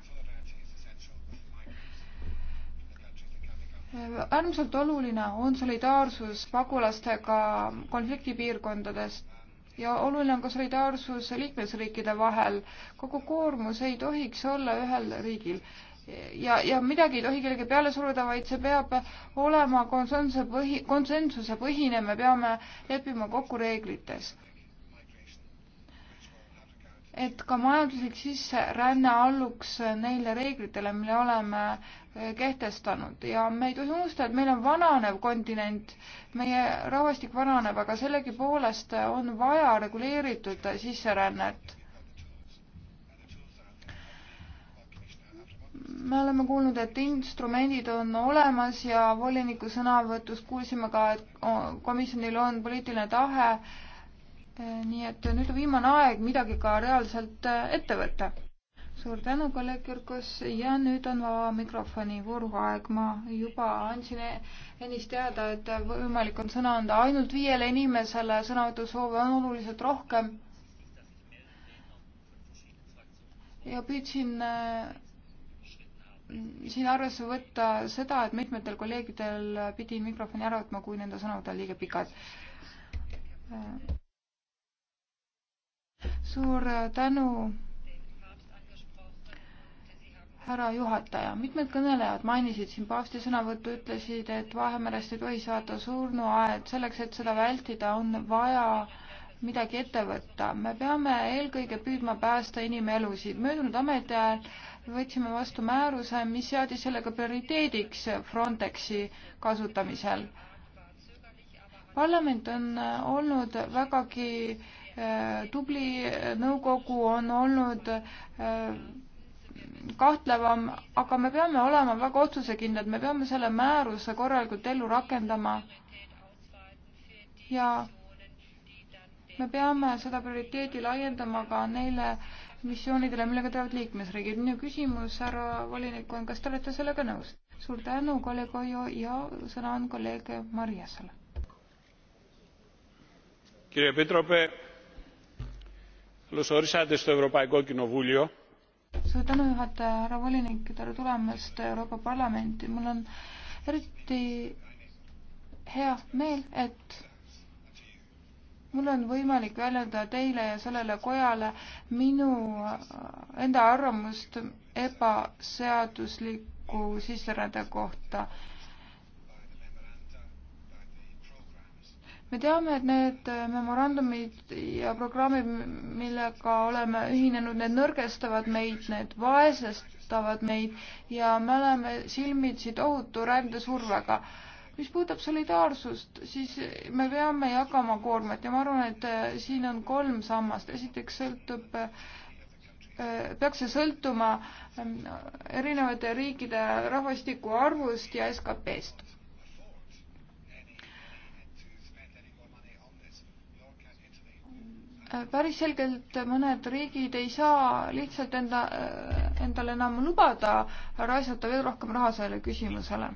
äärmiselt oluline on solidaarsus pagulastega konfliktipiirkondades ja oluline on ka solidaarsus liikmesriikide vahel. kogu koormus ei tohiks olla ühel riigil ja, ja midagi ei tohi kellegi peale suruda, vaid see peab olema konsensuse põhi, konsensuse põhine, me peame leppima kokku reeglites. et ka majanduslik sisseränne alluks neile reeglitele, mille oleme Eh, kehtestanud ja me ei tohi unustada, et meil on vananev kontinent, meie rahvastik vananeb, aga sellegipoolest on vaja reguleeritud sisserännet. me oleme kuulnud, et instrumendid on olemas ja voliniku sõnavõtust kuulsime ka, et komisjonil on poliitiline tahe. Eh, nii et nüüd on viimane aeg midagi ka reaalselt eh, ette võtta suur tänu, kolleeg Jürkus ja nüüd on vaba mikrofoni vooru aeg. ma juba andsin ennist teada, et võimalik on sõna anda ainult viiele inimesele, sõnavõtusoove on oluliselt rohkem. ja püüdsin äh, siin arvesse võtta seda, et mitmetel kolleegidel pidi mikrofoni ära võtma, kui nende sõnavõtud on liiga pikad äh, suur tänu härra juhataja, mitmed kõnelejad mainisid siin paavsti sõnavõttu, ütlesid, et Vahemerest ei tohi saada surnuaed, selleks, et seda vältida, on vaja midagi ette võtta. me peame eelkõige püüdma päästa inimelusid. möödunud ametiajal võtsime vastu määruse, mis seadis sellega prioriteediks Frontexi kasutamisel. parlament on olnud vägagi eh, tubli, nõukogu on olnud eh, kahtlevam, aga me peame olema väga otsusekindlad, me peame selle määruse korralikult ellu rakendama. ja me peame seda prioriteedi laiendama ka neile missioonidele, millega teevad liikmesriigid. minu küsimus, härra volinik, on, kas te olete sellega nõus? suur tänu, kolleeg Ojo ja sõna on kolleeg Mariasele. kirja Petrope, los orisades Euroopa Ekoloogiline Vuljo suur tänu, juhataja, härra volinik, tere tulemast Euroopa Parlamenti. mul on eriti hea meel, et mul on võimalik väljendada teile ja sellele kojale minu enda arvamust ebaseadusliku sisserände kohta me teame, et need äh, memorandumid ja programmid, millega oleme ühinenud, need nõrgestavad meid, need vaesestavad meid ja me oleme silmitsi tohutu rändesurvega. mis puudutab solidaarsust, siis me peame jagama koormat ja ma arvan, et äh, siin on kolm sammast. esiteks sõltub, äh, peaks see sõltuma ähm, erinevate riikide rahvastiku arvust ja SKP-st Äh, päris selgelt mõned riigid ei saa lihtsalt enda, äh, endale enam lubada raisata veel rohkem raha sellele küsimusele.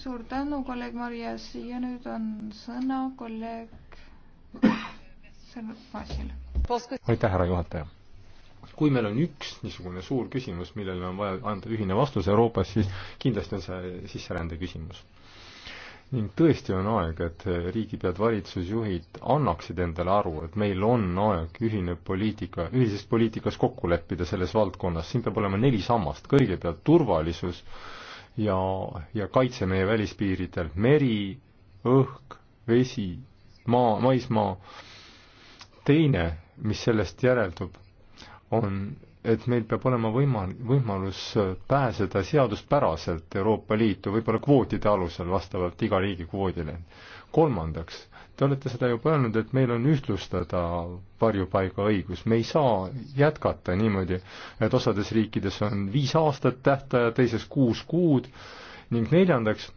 suur tänu, kolleeg Marias ja nüüd on sõna kolleeg Sõnasil. aitäh, härra juhataja. kui meil on üks niisugune suur küsimus, millele on vaja anda ühine vastus Euroopas, siis kindlasti on see sisserände küsimus ning tõesti on aeg, et riigipead, valitsusjuhid annaksid endale aru, et meil on aeg ühine poliitika, ühises poliitikas kokku leppida selles valdkonnas, siin peab olema neli sammast, kõigepealt turvalisus ja, ja kaitse meie välispiiridel, meri, õhk, vesi, maa, maismaa, teine, mis sellest järeldub, on et meil peab olema võimal-, võimalus pääseda seaduspäraselt Euroopa Liitu, võib-olla kvootide alusel, vastavalt iga riigi kvoodile. kolmandaks, te olete seda juba öelnud, et meil on ühtlustada varjupaigaõigus, me ei saa jätkata niimoodi, et osades riikides on viis aastat tähtaja, teises kuus kuud ning neljandaks,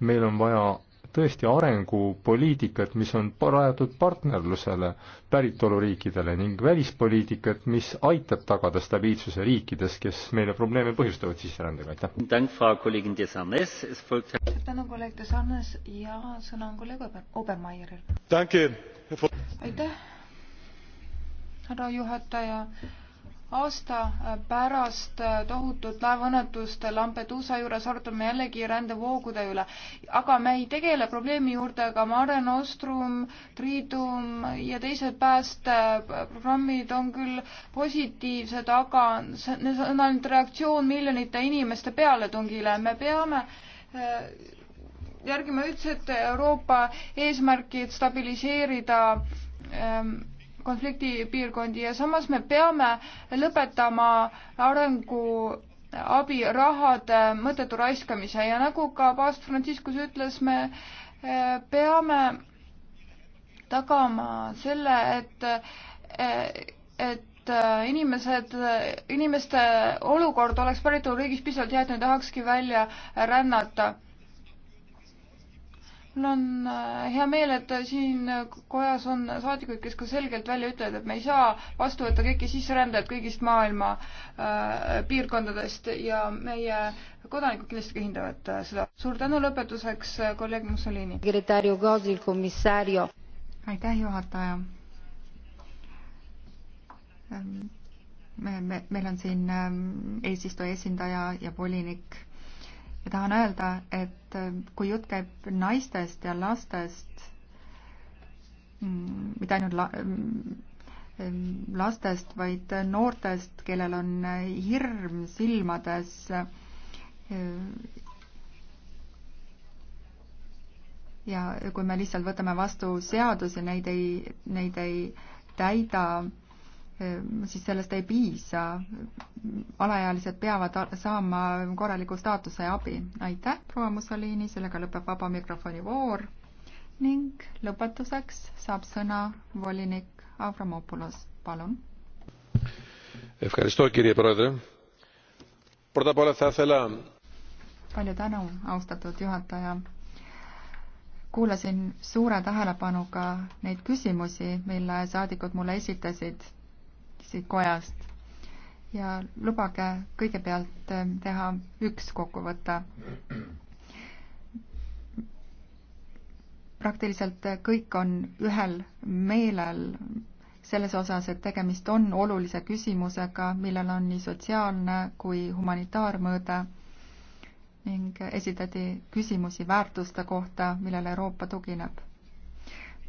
meil on vaja tõesti arengupoliitikat, mis on rajatud partnerlusele päritoluriikidele ning välispoliitikat, mis aitab tagada stabiilsuse riikides, kes meile probleeme põhjustavad sisserändega, aitäh. suur tänu, kolleeg Desannes ja sõna on kolleeg Ober-, Obermeieril. aitäh, härra juhataja aasta pärast tohutut laevaõnnetust Lampedusa juures arutame jällegi rändevoogude üle. aga me ei tegele probleemi juurdega, Mare Nostrum, Triidum ja teised päästeprogrammid on küll positiivsed, aga see on ainult reaktsioon miljonite inimeste pealetungile, me peame eh, järgime üldse Euroopa eesmärki, et stabiliseerida ähm, konfliktipiirkondi ja samas me peame lõpetama arengu abirahade mõttetu raiskamise ja nagu ka paavst Franciscus ütles, me eh, peame tagama selle, et, eh, et eh, inimesed, inimeste olukord oleks päritoluriigis piisavalt hea, et neid tahakski välja rännata mul on äh, hea meel, et äh, siin kojas on saadikuid, kes ka selgelt välja ütlevad, et me ei saa vastu võtta kõiki sisserändajad kõigist maailma äh, piirkondadest ja meie kodanikud kindlasti ka hindavad äh, seda. suur tänu lõpetuseks, äh, kolleeg Mussolini. aitäh, juhataja. Ähm, me, me, meil on siin ähm, eesistuja esindaja ja volinik ja tahan öelda, et äh, kui jutt käib naistest ja lastest, mm, mitte ainult la, mm, ähm, lastest, vaid noortest, kellel on äh, hirm silmades, äh, ja kui me lihtsalt võtame vastu seadusi, neid ei, neid ei täida Ehm, siis sellest ei piisa. alaealised peavad saama korraliku staatuse ja abi. aitäh, proua Mussolini, sellega lõpeb vaba mikrofoni voor ning lõpetuseks saab sõna volinik Avramopoulos, palun. palju tänu, austatud juhataja kuulasin suure tähelepanuga neid küsimusi, mille saadikud mulle esitasid siit kojast. ja lubage kõigepealt äh, teha üks kokkuvõte. praktiliselt kõik on ühel meelel selles osas, et tegemist on olulise küsimusega, millel on nii sotsiaalne kui humanitaarmõõde ning esitati küsimusi väärtuste kohta, millele Euroopa tugineb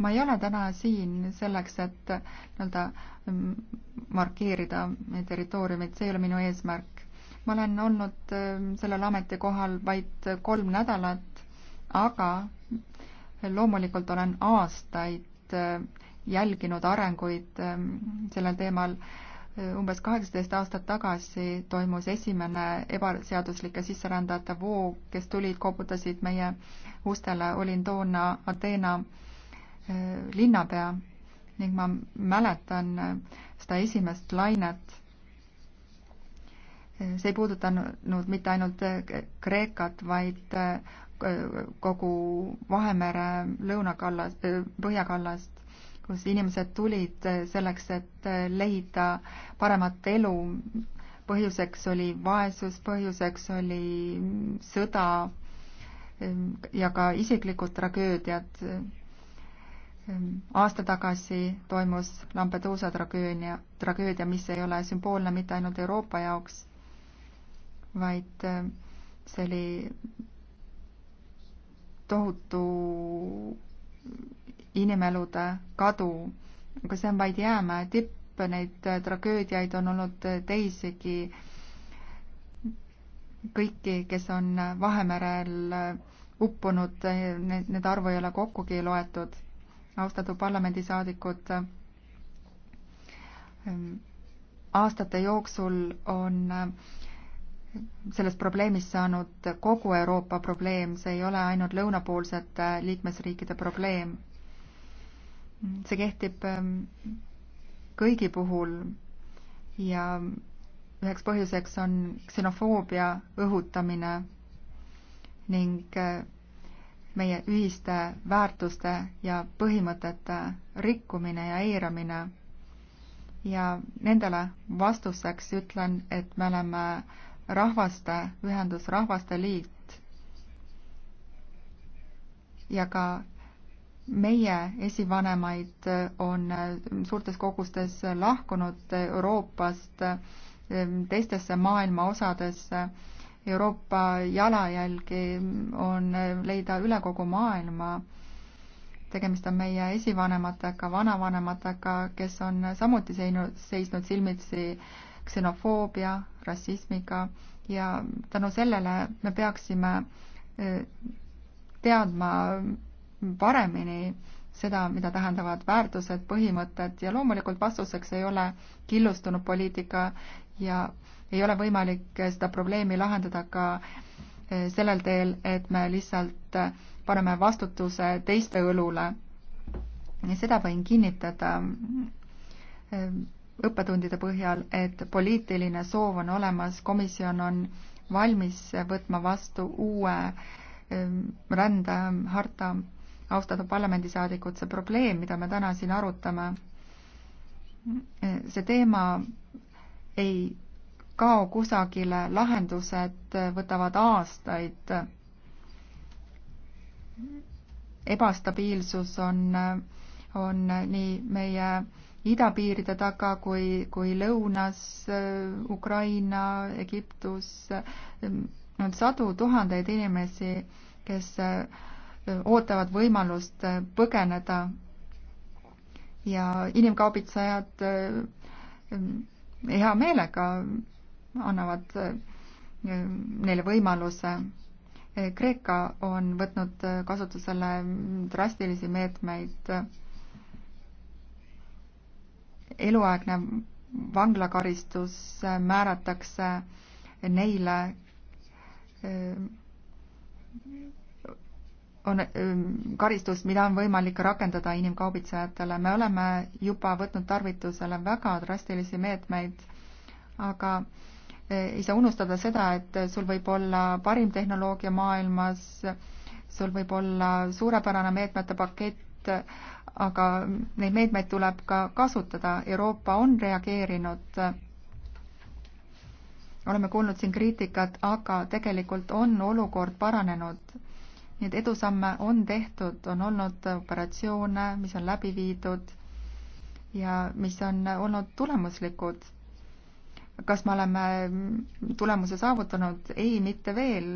ma ei ole täna siin selleks, et nii-öelda mm, markeerida territooriumit, see ei ole minu eesmärk. ma olen olnud ähm, sellel ametikohal vaid kolm nädalat, aga loomulikult olen aastaid äh, jälginud arenguid ähm, sellel teemal. Äh, umbes kaheksateist aastat tagasi toimus esimene ebaseaduslike sisserändajate voog, kes tulid, koputasid meie ustele, olin toona Ateena äh, Äh, linnapea ning ma mäletan äh, seda esimest lainet. Äh, see ei puudutanud mitte ainult Kreekat, vaid kogu Vahemere lõunakallast, põhjakallast, kus inimesed tulid selleks, et leida paremat elu. põhjuseks oli vaesus, põhjuseks oli sõda ja ka isiklikud tragöödiad aasta tagasi toimus Lampeduusa tragöödia, tragöödia, mis ei ole sümboolne mitte ainult Euroopa jaoks, vaid äh, see oli tohutu inimelude kadu, aga see on vaid jäämäe tipp, neid äh, tragöödiaid on olnud äh, teisigi. kõiki, kes on Vahemerel uppunud, need, need arvu ei ole kokkugi loetud austatud parlamendisaadikud. Ähm, aastate jooksul on äh, sellest probleemist saanud kogu Euroopa probleem, see ei ole ainult lõunapoolsete liikmesriikide probleem. see kehtib ähm, kõigi puhul ja üheks põhjuseks on ksenofoobia õhutamine ning äh, meie ühiste väärtuste ja põhimõtete rikkumine ja eiramine. ja nendele vastuseks ütlen, et me oleme rahvaste ühendus, Rahvaste Liit. ja ka meie esivanemaid on suurtes kogustes lahkunud Euroopast teistesse maailma osadesse Euroopa jalajälgi on leida üle kogu maailma. tegemist on meie esivanematega, vanavanematega, kes on samuti seinud, seisnud silmitsi ksenofoobia, rassismiga ja tänu sellele me peaksime teadma paremini seda, mida tähendavad väärtused, põhimõtted ja loomulikult vastuseks ei ole killustunud poliitika ja ei ole võimalik seda probleemi lahendada ka eh, sellel teel, et me lihtsalt eh, paneme vastutuse teiste õlule. seda võin kinnitada eh, õppetundide põhjal, et poliitiline soov on olemas, komisjon on valmis võtma vastu uue rändeharta. austatud parlamendisaadikud, see probleem, mida me täna siin arutame, see teema ei kao kusagile, lahendused võtavad aastaid. ebastabiilsus on, on nii meie idapiiride taga kui, kui lõunas, Ukraina, Egiptus, on sadu tuhandeid inimesi, kes ootavad võimalust põgeneda ja inimkaubitsejad hea meelega annavad eh, neile võimaluse. Eh, Kreeka on võtnud eh, kasutusele mm, drastilisi meetmeid. eluaegne vanglakaristus määratakse neile, on karistus, mida on võimalik rakendada inimkaubitsejatele. me oleme juba võtnud tarvitusele väga drastilisi meetmeid, aga äh, ei saa unustada seda, et sul võib olla parim tehnoloogia maailmas, sul võib olla suurepärane meetmete pakett, aga neid meetmeid tuleb ka kasutada. Euroopa on reageerinud. oleme kuulnud siin kriitikat, aga tegelikult on olukord paranenud. nii et edusamme on tehtud, on olnud operatsioone, mis on läbi viidud ja mis on olnud tulemuslikud kas me oleme tulemuse saavutanud? ei, mitte veel.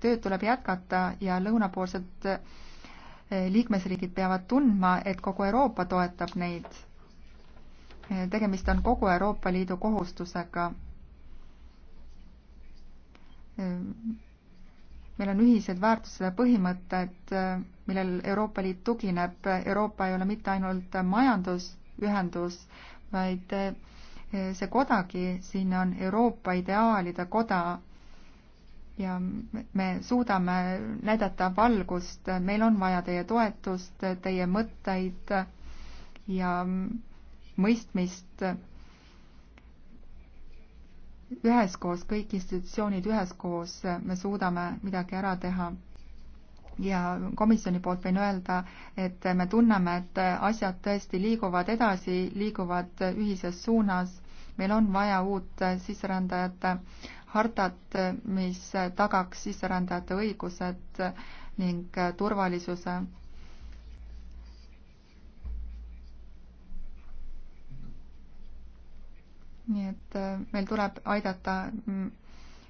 tööd tuleb jätkata ja lõunapoolsed eh, liikmesriigid peavad tundma, et kogu Euroopa toetab neid. Eh, tegemist on kogu Euroopa Liidu kohustusega. Eh, meil on ühised väärtused ja põhimõtted, millel Euroopa Liit tugineb. Euroopa ei ole mitte ainult majandusühendus, vaid see kodagi siin on Euroopa ideaalide koda ja me suudame näidata valgust, meil on vaja teie toetust, teie mõtteid ja mõistmist. üheskoos, kõik institutsioonid üheskoos, me suudame midagi ära teha. ja komisjoni poolt võin öelda, et me tunneme, et asjad tõesti liiguvad edasi, liiguvad ühises suunas meil on vaja uut sisserändajate hartat, mis tagaks sisserändajate õigused ning turvalisuse. nii et äh, meil tuleb aidata mm,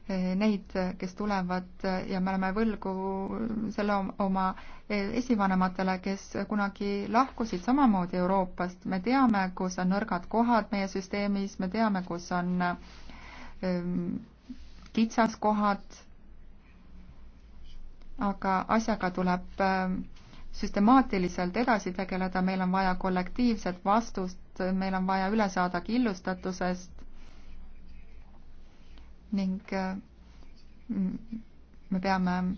Eh, neid, kes tulevad eh, ja me oleme võlgu selle oma eh, esivanematele, kes kunagi lahkusid samamoodi Euroopast. me teame, kus on nõrgad kohad meie süsteemis, me teame, kus on ehm, kitsaskohad, aga asjaga tuleb ehm, süstemaatiliselt edasi tegeleda, meil on vaja kollektiivset vastust, meil on vaja üle saada killustatusest, ning äh, me peame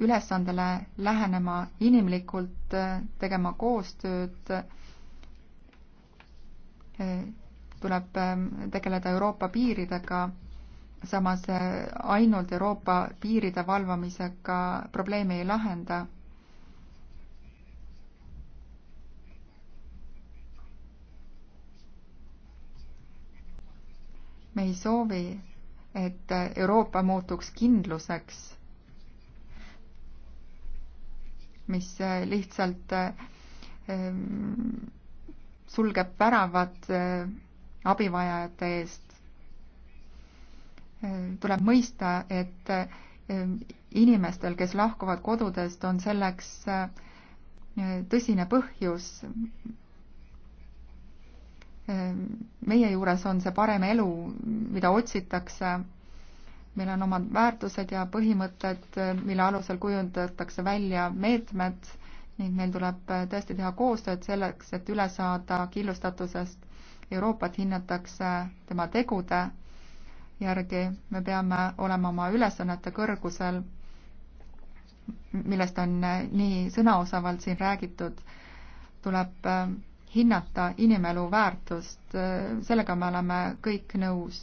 ülesandele lähenema inimlikult, äh, tegema koostööd. Äh, tuleb ähm, tegeleda Euroopa piiridega, samas ainult Euroopa piiride valvamisega probleemi ei lahenda me ei soovi et Euroopa muutuks kindluseks, mis lihtsalt ehm, sulgeb väravad ehm, abivajajate eest. Ehm, tuleb mõista, et inimestel, kes lahkuvad kodudest, on selleks tõsine põhjus, meie juures on see parem elu, mida otsitakse. meil on omad väärtused ja põhimõtted, mille alusel kujundatakse välja meetmed ning meil tuleb tõesti teha koostööd selleks, et üle saada killustatusest. Euroopat hinnatakse tema tegude järgi, me peame olema oma ülesannete kõrgusel, millest on nii sõnaosavalt siin räägitud, tuleb hinnata inimelu väärtust, sellega me oleme kõik nõus.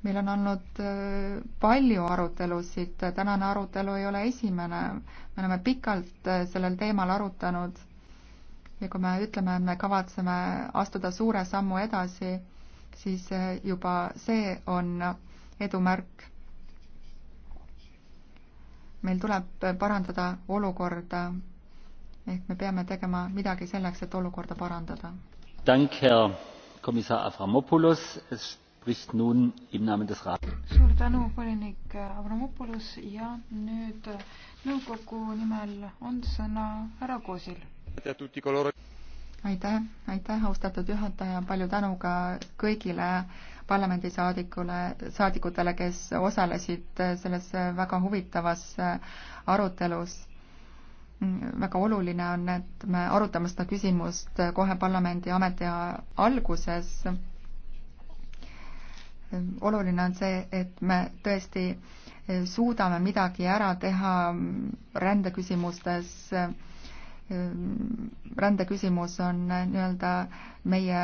meil on olnud äh, palju arutelusid, tänane arutelu ei ole esimene, me oleme pikalt äh, sellel teemal arutanud ja kui me ütleme, et me kavatseme astuda suure sammu edasi, siis äh, juba see on edumärk. meil tuleb parandada olukorda ehk me peame tegema midagi selleks, et olukorda parandada. suur tänu, volinik Avramopoulos ja nüüd nõukogu nimel on sõna härra Kosil. aitäh, aitäh, austatud juhataja, palju tänu ka kõigile parlamendisaadikule, saadikutele, kes osalesid selles väga huvitavas arutelus väga oluline on, et me arutame seda küsimust kohe parlamendi ametiaja alguses. oluline on see, et me tõesti suudame midagi ära teha rändeküsimustes. rändeküsimus on nii-öelda meie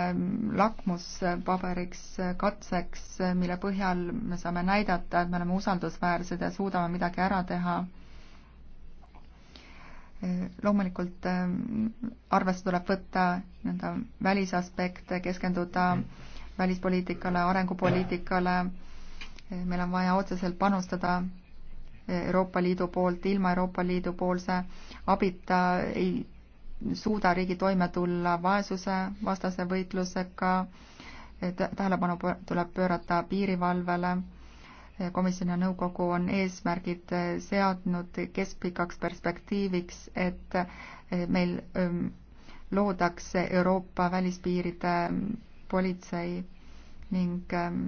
lakmuspaberiks, katseks, mille põhjal me saame näidata, et me oleme usaldusväärsed ja suudame midagi ära teha loomulikult ähm, arvesse tuleb võtta nii-öelda välisaspekte, keskenduda mm. välispoliitikale, arengupoliitikale, meil on vaja otseselt panustada Euroopa Liidu poolt, ilma Euroopa Liidu poolse abita ei suuda riigi toime tulla vaesuse vastase võitlusega, tähelepanu tuleb pöörata piirivalvele komisjon ja nõukogu on eesmärgid eh, seadnud keskpikaks perspektiiviks, et eh, meil ehm, loodakse Euroopa välispiiride ehm, politsei ning ehm,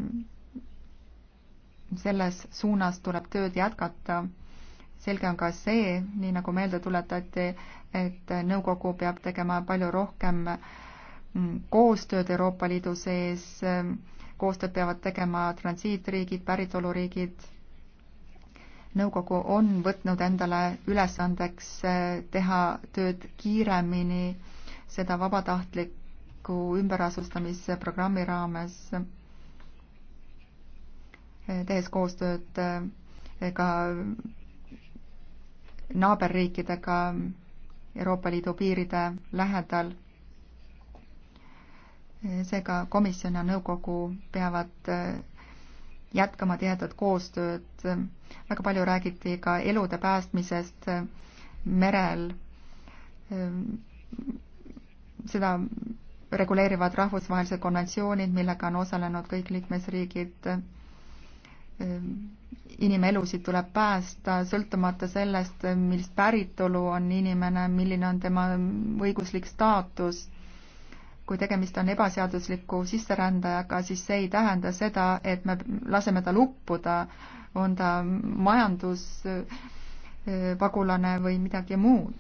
selles suunas tuleb tööd jätkata. selge on ka see, nii nagu meelde tuletati, et nõukogu peab tegema palju rohkem mm, koostööd Euroopa Liidu sees koostööd peavad tegema transiitriigid, päritoluriigid. nõukogu on võtnud endale ülesandeks eh, teha tööd kiiremini seda vabatahtliku ümberasustamisprogrammi raames, eh, tehes koostööd eh, ka naaberriikidega Euroopa Liidu piiride lähedal seega komisjon ja nõukogu peavad äh, jätkama tihedat koostööd. väga palju räägiti ka elude päästmisest äh, merel. Äh, seda reguleerivad rahvusvahelised konventsioonid, millega on osalenud kõik liikmesriigid. inimelusid tuleb päästa, sõltumata sellest, millist päritolu on inimene, milline on tema õiguslik staatus kui tegemist on ebaseadusliku sisserändajaga, siis see ei tähenda seda, et me laseme tal uppuda, on ta majanduspagulane äh, või midagi muud.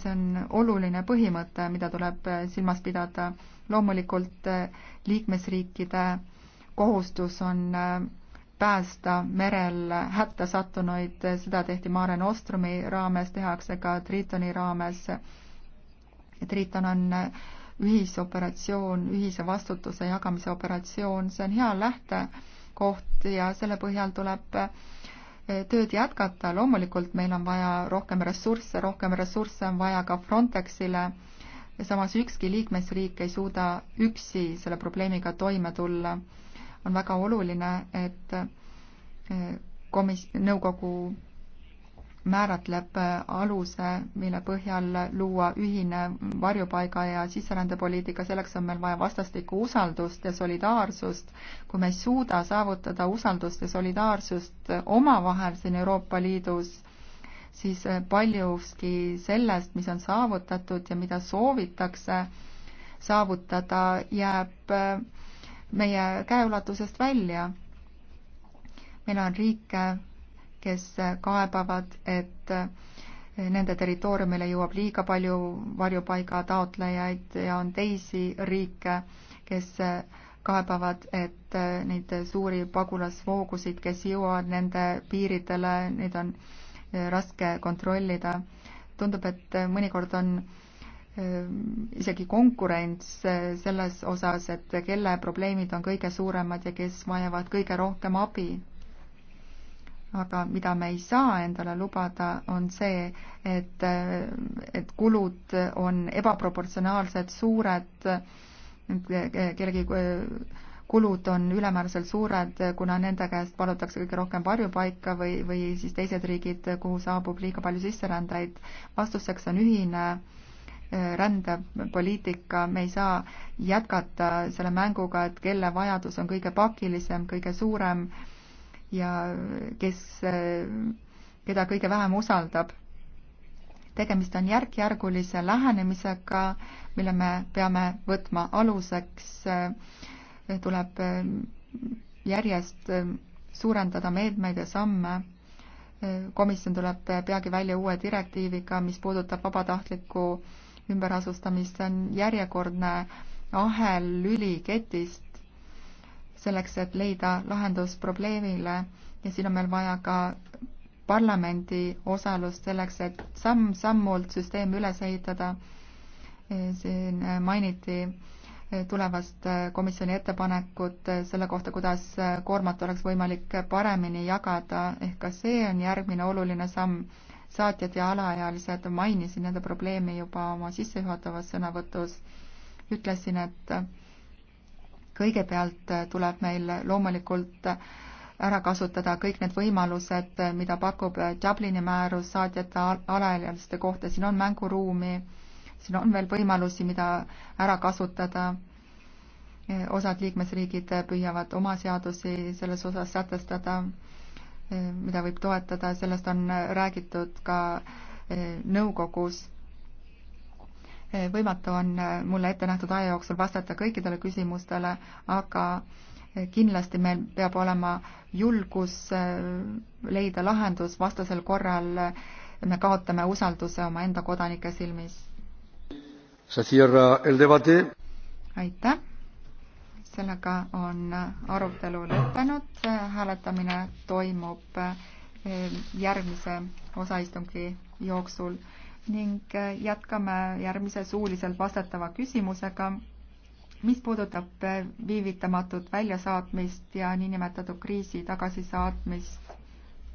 see on oluline põhimõte, mida tuleb silmas pidada. loomulikult äh, liikmesriikide kohustus on äh, päästa merel hätta sattunuid, seda tehti Mare Nostrumi raames, tehakse ka Tritoni raames. Triton on äh, ühisoperatsioon, ühise vastutuse jagamise operatsioon, see on hea lähtekoht ja selle põhjal tuleb eh, tööd jätkata, loomulikult meil on vaja rohkem ressursse, rohkem ressursse on vaja ka Frontexile ja samas ükski liikmesriik ei suuda üksi selle probleemiga toime tulla. on väga oluline, et eh, komis-, nõukogu määratleb äh, aluse, mille põhjal luua ühine varjupaiga ja sisserändepoliitika, selleks on meil vaja vastastikku usaldust ja solidaarsust. kui me ei suuda saavutada usaldust ja solidaarsust äh, omavahel siin Euroopa Liidus, siis äh, paljuski sellest, mis on saavutatud ja mida soovitakse saavutada, jääb meie käeulatusest välja. meil on riike, kes kaebavad, et nende territooriumile jõuab liiga palju varjupaiga taotlejaid ja on teisi riike, kes kaebavad, et neid suuri pagulasvoogusid, kes jõuavad nende piiridele, neid on raske kontrollida. tundub, et mõnikord on äh, isegi konkurents äh, selles osas, et kelle probleemid on kõige suuremad ja kes vajavad kõige rohkem abi aga mida me ei saa endale lubada, on see, et, et kulud on ebaproportsionaalselt suured, kellegi kulud on ülemääraselt suured, kuna nende käest palutakse kõige rohkem varjupaika või, või siis teised riigid, kuhu saabub liiga palju sisserändajaid. vastuseks on ühine äh, rändepoliitika, me ei saa jätkata selle mänguga, et kelle vajadus on kõige pakilisem, kõige suurem ja kes, keda kõige vähem usaldab. tegemist on järk-järgulise lähenemisega, mille me peame võtma aluseks, tuleb järjest suurendada meetmeid ja samme. komisjon tuleb peagi välja uue direktiiviga, mis puudutab vabatahtlikku ümberasustamist, see on järjekordne ahel lüliketist, selleks, et leida lahendus probleemile ja siin on meil vaja ka parlamendi osalust selleks, et samm-sammult süsteem üles ehitada. E, siin mainiti e, tulevast e, komisjoni ettepanekut selle kohta, kuidas koormat oleks võimalik paremini jagada, ehk ka see on järgmine oluline samm. saatjad ja alaealised, mainisin nende probleemi juba oma sissejuhatavas sõnavõtus, ütlesin, et kõigepealt äh, tuleb meil loomulikult äh, ära kasutada kõik need võimalused, äh, mida pakub Dublini määrus saatjate alaealiste kohta, siin on mänguruumi, siin on veel võimalusi, mida ära kasutada. osad liikmesriigid püüavad oma seadusi selles osas sätestada, mida võib toetada, sellest on räägitud ka nõukogus Eh, võimatu on eh, mulle ette nähtud aja jooksul vastata kõikidele küsimustele, aga eh, kindlasti meil peab olema julgus leida lahendus, vastasel korral me kaotame usalduse omaenda kodanike silmis. aitäh, sellega on arutelu lõppenud, hääletamine toimub järgmise osaistungi jooksul ning äh, jätkame järgmise suuliselt vastatava küsimusega, mis puudutab äh, viivitamatut väljasaatmist ja niinimetatud kriisi tagasisaatmist